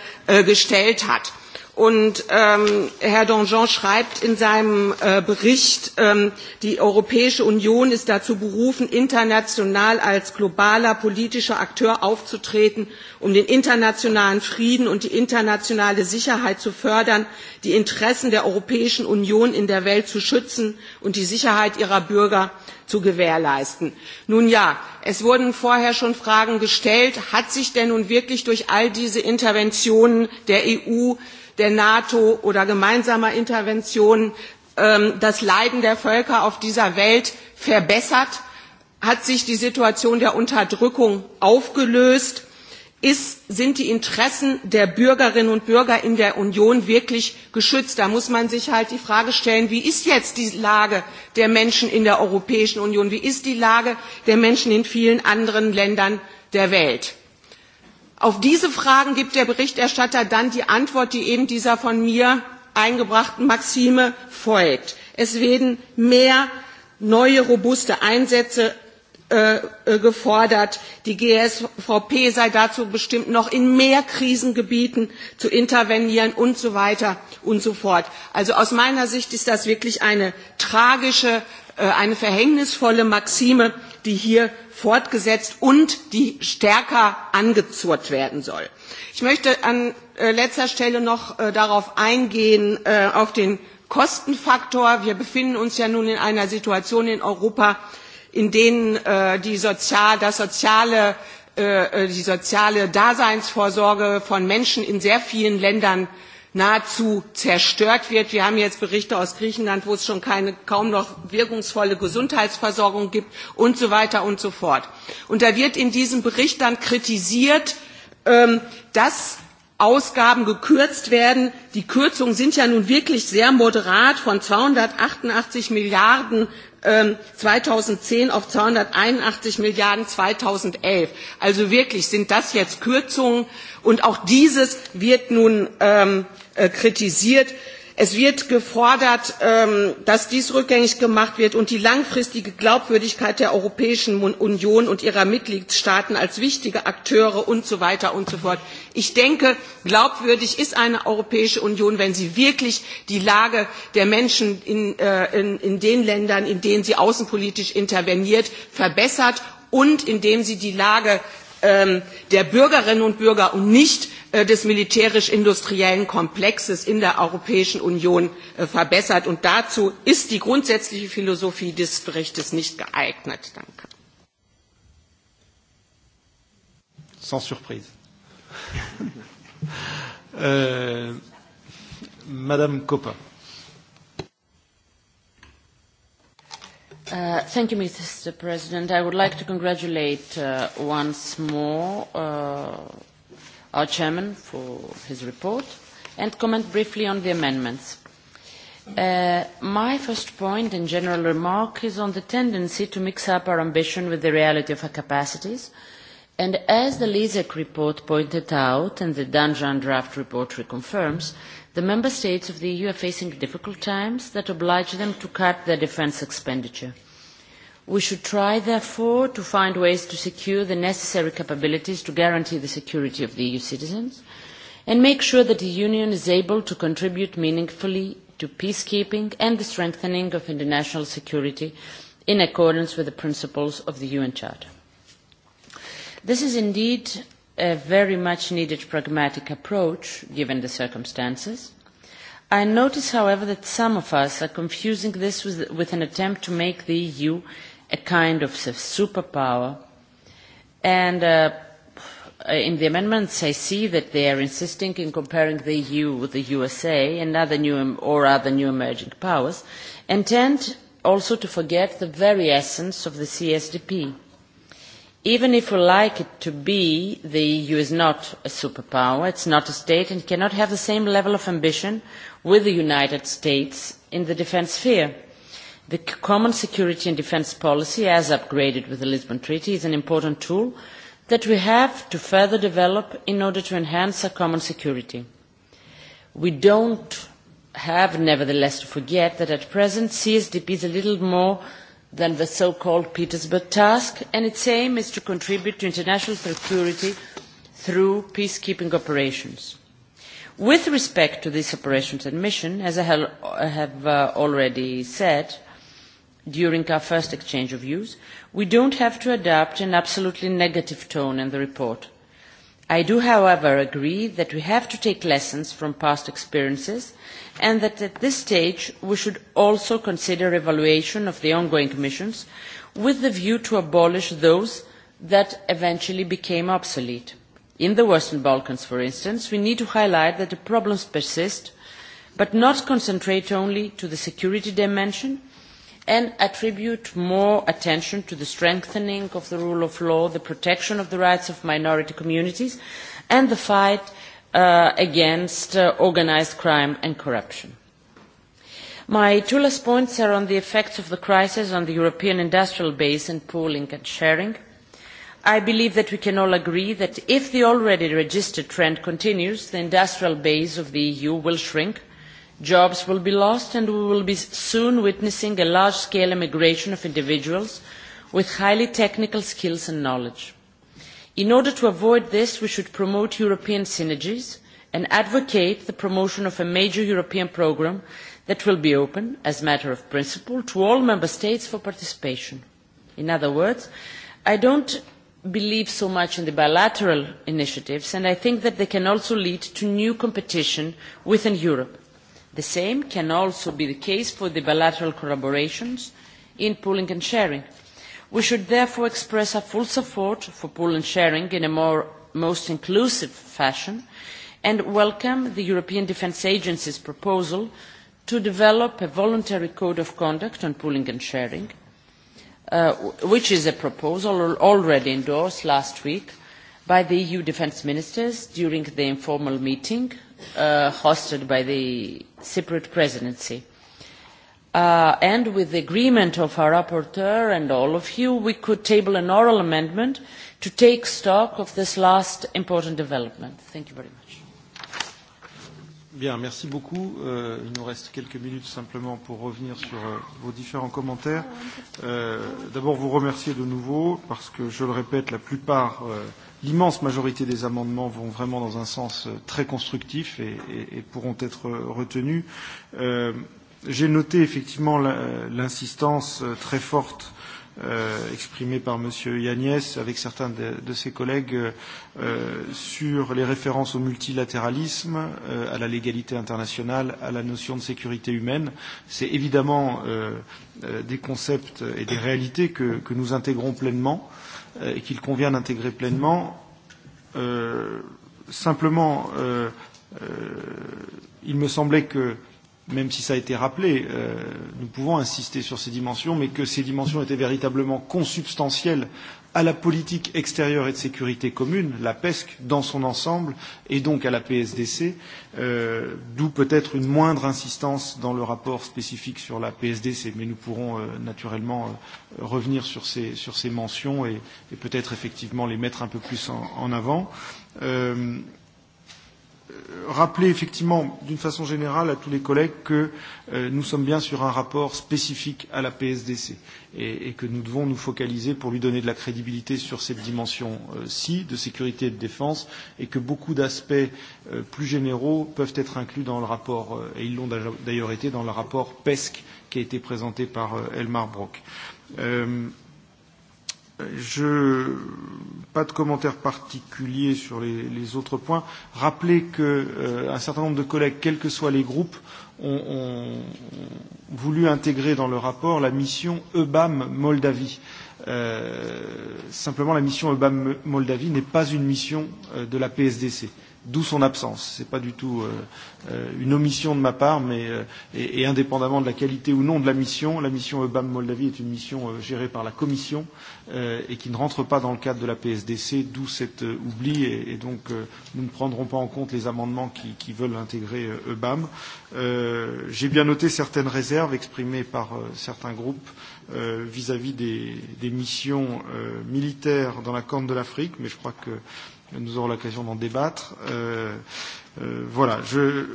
gestellt hat. Und ähm, Herr Donjon schreibt in seinem äh, Bericht, ähm, die Europäische Union ist dazu berufen, international als globaler politischer Akteur aufzutreten, um den internationalen Frieden und die internationale Sicherheit zu fördern, die Interessen der Europäischen Union in der Welt zu schützen und die Sicherheit ihrer Bürger zu gewährleisten. Nun ja, es wurden vorher schon Fragen gestellt, hat sich denn nun wirklich durch all diese Interventionen der EU der NATO oder gemeinsamer Interventionen ähm, das Leiden der Völker auf dieser Welt verbessert? Hat sich die Situation der Unterdrückung aufgelöst? Ist, sind die Interessen der Bürgerinnen und Bürger in der Union wirklich geschützt? Da muss man sich halt die Frage stellen, wie ist jetzt die Lage der Menschen in der Europäischen Union? Wie ist die Lage der Menschen in vielen anderen Ländern der Welt? Auf diese Fragen gibt der Berichterstatter dann die Antwort, die eben dieser von mir eingebrachten Maxime folgt. Es werden mehr neue robuste Einsätze äh, äh gefordert. Die GSVP sei dazu bestimmt, noch in mehr Krisengebieten zu intervenieren und so weiter und so fort. Also aus meiner Sicht ist das wirklich eine tragische Äh, eine verhängnisvolle Maxime, die hier fortgesetzt und die stärker angezurrt werden soll. Ich möchte an äh, letzter Stelle noch äh, darauf eingehen, auf den Kostenfaktor. Wir befinden uns ja nun in einer Situation in Europa, in denen die, Sozial, das soziale, die soziale Daseinsvorsorge von Menschen in sehr vielen Ländern nahezu zerstört wird. Wir haben jetzt Berichte aus Griechenland, wo es schon keine, kaum noch wirkungsvolle Gesundheitsversorgung gibt und so weiter und so fort. Und da wird in diesem Bericht dann kritisiert, ähm, dass Ausgaben gekürzt werden. Die Kürzungen sind ja nun wirklich sehr moderat von 288 Milliarden ähm, 2010 auf 281 Milliarden 2011. Also wirklich sind das jetzt Kürzungen und auch dieses wird nun ähm, Äh, kritisiert. Es wird gefordert, ähm, dass dies rückgängig gemacht wird und die langfristige Glaubwürdigkeit der Europäischen Union und ihrer Mitgliedstaaten als wichtige Akteure und so weiter und so fort. Ich denke, glaubwürdig ist eine Europäische Union, wenn sie wirklich die Lage der Menschen in, äh, in, in den Ländern, in denen sie außenpolitisch interveniert, verbessert und indem sie die Lage ähm, der Bürgerinnen und Bürger und nicht Äh, des militärisch industriellen Komplexes in der Europäischen Union äh, verbessert, und dazu ist die grundsätzliche Philosophie des Berichts nicht geeignet. Danke. Sans surprise. Uh, Madame Koppa. Uh, thank you, Mr. President. I would like to congratulate uh, once more uh, our chairman for his report and comment briefly on the amendments. Uh, my first point and general remark is on the tendency to mix up our ambition with the reality of our capacities. And as the Lizek report pointed out and the Dungeon draft report reconfirms, the member states of the EU are facing difficult times that oblige them to cut their defence expenditure. We should try, therefore, to find ways to secure the necessary capabilities to guarantee the security of the EU citizens and make sure that the Union is able to contribute meaningfully to peacekeeping and the strengthening of international security in accordance with the principles of the UN Charter. This is indeed a very much needed pragmatic approach, given the circumstances. I notice, however, that some of us are confusing this with, with an attempt to make the EU a kind of a superpower. And uh, in the amendments, I see that they are insisting in comparing the EU with the USA and other new or other new emerging powers, and tend also to forget the very essence of the CSDP. Even if we like it to be, the EU is not a superpower, it's not a state, and cannot have the same level of ambition with the United States in the defence sphere. The common security and defence policy, as upgraded with the Lisbon Treaty, is an important tool that we have to further develop in order to enhance our common security. We don't have, nevertheless, to forget that at present CSDP is a little more than the so-called Petersburg task, and its aim is to contribute to international security through peacekeeping operations. With respect to this operation's admission, as I have uh, already said, during our first exchange of views, we don't have to adopt an absolutely negative tone in the report. I do, however, agree that we have to take lessons from past experiences and that at this stage we should also consider evaluation of the ongoing missions with the view to abolish those that eventually became obsolete. In the Western Balkans, for instance, we need to highlight that the problems persist, but not concentrate only to the security dimension, and attribute more attention to the strengthening of the rule of law, the protection of the rights of minority communities, and the fight uh, against uh, organized crime and corruption. My two last points are on the effects of the crisis on the European industrial base and pooling and sharing. I believe that we can all agree that if the already registered trend continues, the industrial base of the EU will shrink jobs will be lost and we will be soon witnessing a large-scale emigration of individuals with highly technical skills and knowledge. In order to avoid this, we should promote European synergies and advocate the promotion of a major European programme that will be open, as a matter of principle, to all Member States for participation. In other words, I don't believe so much in the bilateral initiatives, and I think that they can also lead to new competition within Europe. The same can also be the case for the bilateral collaborations in pooling and sharing. We should therefore express our full support for pooling and sharing in a more, most inclusive fashion and welcome the European Defence Agency's proposal to develop a voluntary code of conduct on pooling and sharing, uh, which is a proposal already endorsed last week by the EU defence ministers during the informal meeting uh, hosted by the Cypriot presidency. Uh, and with the agreement of our rapporteur and all of you, we could table an oral amendment to take stock of this last important development. Thank you very much. Bien, merci beaucoup. Euh, il nous reste quelques minutes simplement pour revenir sur euh, vos différents commentaires. Euh, D'abord, vous remercier de nouveau parce que, je le répète, la plupart euh, l'immense majorité des amendements vont vraiment dans un sens euh, très constructif et, et, et pourront être retenus. Euh, J'ai noté effectivement l'insistance euh, très forte euh, exprimée par M. Yagnès avec certains de, de ses collègues euh, sur les références au multilatéralisme, euh, à la légalité internationale, à la notion de sécurité humaine. C'est évidemment euh, euh des concepts et des réalités que, que nous intégrons pleinement. Euh, Euh, et qu'il convient d'intégrer pleinement. Euh, simplement, euh, euh, il me semblait que, même si ça a été rappelé, euh, nous pouvons insister sur ces dimensions, mais que ces dimensions étaient véritablement consubstantielles à la politique extérieure et de sécurité commune, la PESC, dans son ensemble, et donc à la PSDC, euh, d'où peut-être une moindre insistance dans le rapport spécifique sur la PSDC, mais nous pourrons euh, naturellement euh, revenir sur ces, sur ces mentions et, et peut-être effectivement les mettre un peu plus en, en avant. Euh, rappeler effectivement d'une façon générale à tous les collègues que euh, nous sommes bien sur un rapport spécifique à la PSDC et, et que nous devons nous focaliser pour lui donner de la crédibilité sur cette dimension-ci euh, de sécurité et de défense et que beaucoup d'aspects euh, plus généraux peuvent être inclus dans le rapport euh, et ils l'ont d'ailleurs été dans le rapport PESC qui a été présenté par euh, Elmar Brock. Euh, Je pas de commentaires particuliers sur les, les autres points. Rappelez que euh, un certain nombre de collègues, quels que soient les groupes, ont, ont voulu intégrer dans le rapport la mission EBAM Moldavie. Euh, simplement, la mission EBAM Moldavie n'est pas une mission euh, de la PSDC d'où son absence. Ce n'est pas du tout euh, euh, une omission de ma part, mais euh, et, et indépendamment de la qualité ou non de la mission, la mission EBAM Moldavie est une mission euh, gérée par la Commission euh, et qui ne rentre pas dans le cadre de la PSDC, d'où cet euh, oubli, et, et donc euh, nous ne prendrons pas en compte les amendements qui, qui veulent intégrer euh, EBAM. Euh, J'ai bien noté certaines réserves exprimées par euh, certains groupes euh, vis-à-vis euh, -vis des, des missions euh, militaires dans la Corne de l'Afrique, mais je crois que euh, nous aurons l'occasion d'en débattre. Euh, euh, voilà, je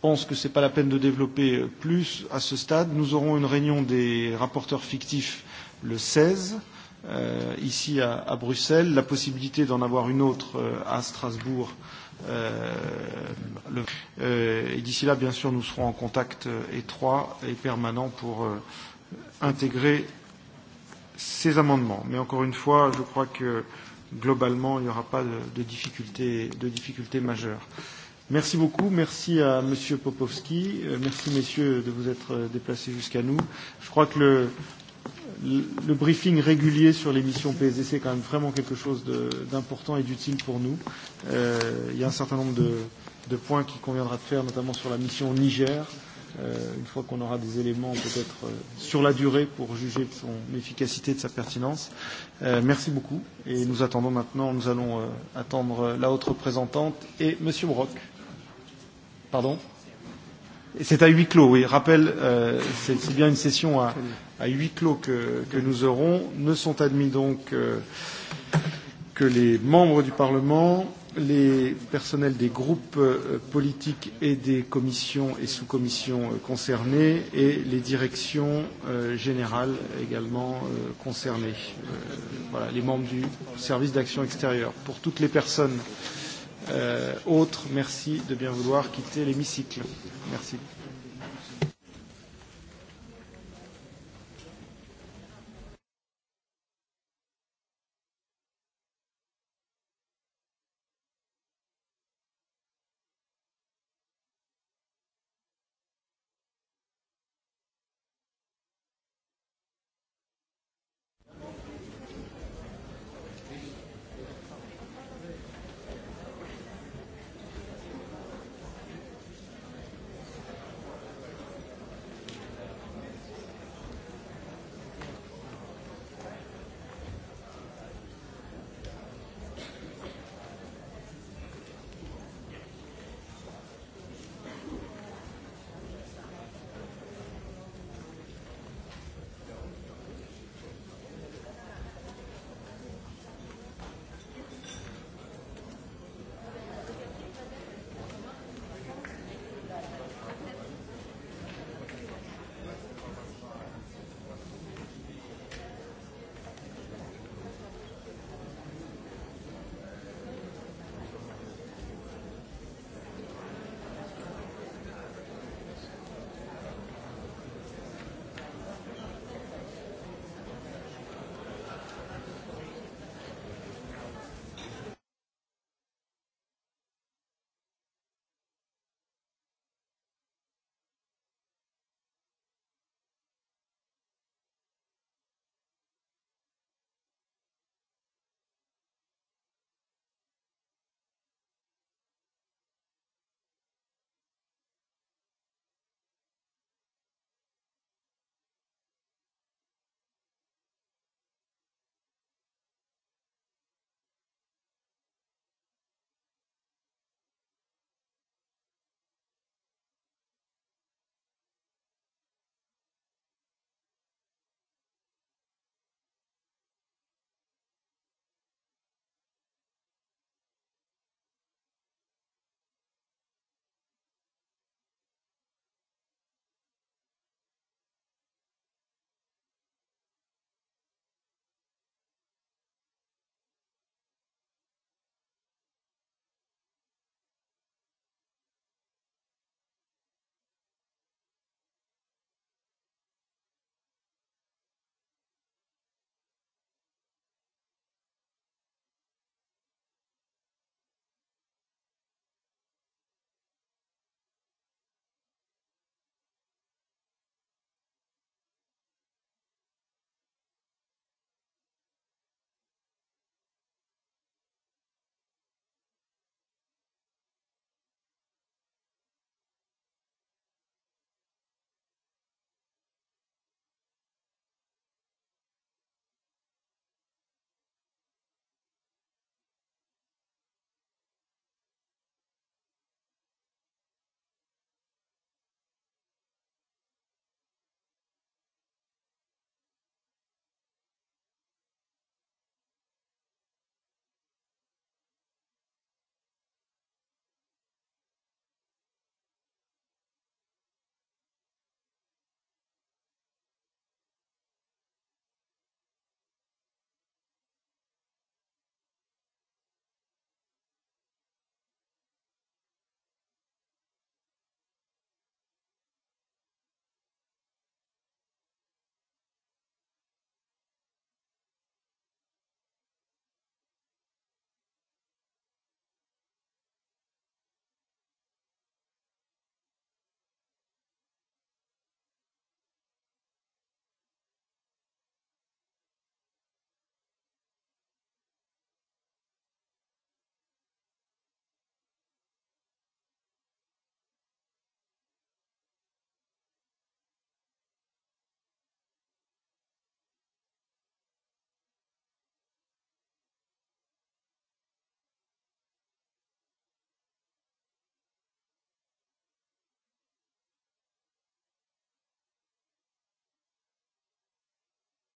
pense que ce n'est pas la peine de développer plus à ce stade. Nous aurons une réunion des rapporteurs fictifs le 16, euh, ici à, à Bruxelles, la possibilité d'en avoir une autre euh, à Strasbourg. Euh, le, euh, et d'ici là, bien sûr, nous serons en contact euh, étroit et permanent pour euh, intégrer ces amendements. Mais encore une fois, je crois que euh, globalement, il n'y aura pas de, de, difficultés, de difficultés majeures. Merci beaucoup. Merci à M. Popovski. Euh, merci, messieurs, de vous être euh, déplacés jusqu'à nous. Je crois que le, le, le briefing régulier sur l'émission PSDC est quand même vraiment quelque chose d'important et d'utile pour nous. Euh, il y a un certain nombre de, de points qu'il conviendra de faire, notamment sur la mission Niger. Euh, euh, une fois qu'on aura des éléments peut-être euh, sur la durée pour juger de son efficacité, de sa pertinence. Euh, merci beaucoup et nous attendons maintenant, nous allons euh, attendre euh, la haute représentante et M. Brock. Pardon C'est à huis clos, oui. Rappel, euh, c'est bien une session à, à huis clos que, que nous aurons. Ne sont admis donc euh, que les membres du Parlement les personnels des groupes euh, politiques et des commissions et sous-commissions euh, concernées et les directions euh, générales également concernées. Voilà, les membres du service d'action extérieure. Pour toutes les personnes autres, merci de bien vouloir quitter l'hémicycle. Merci.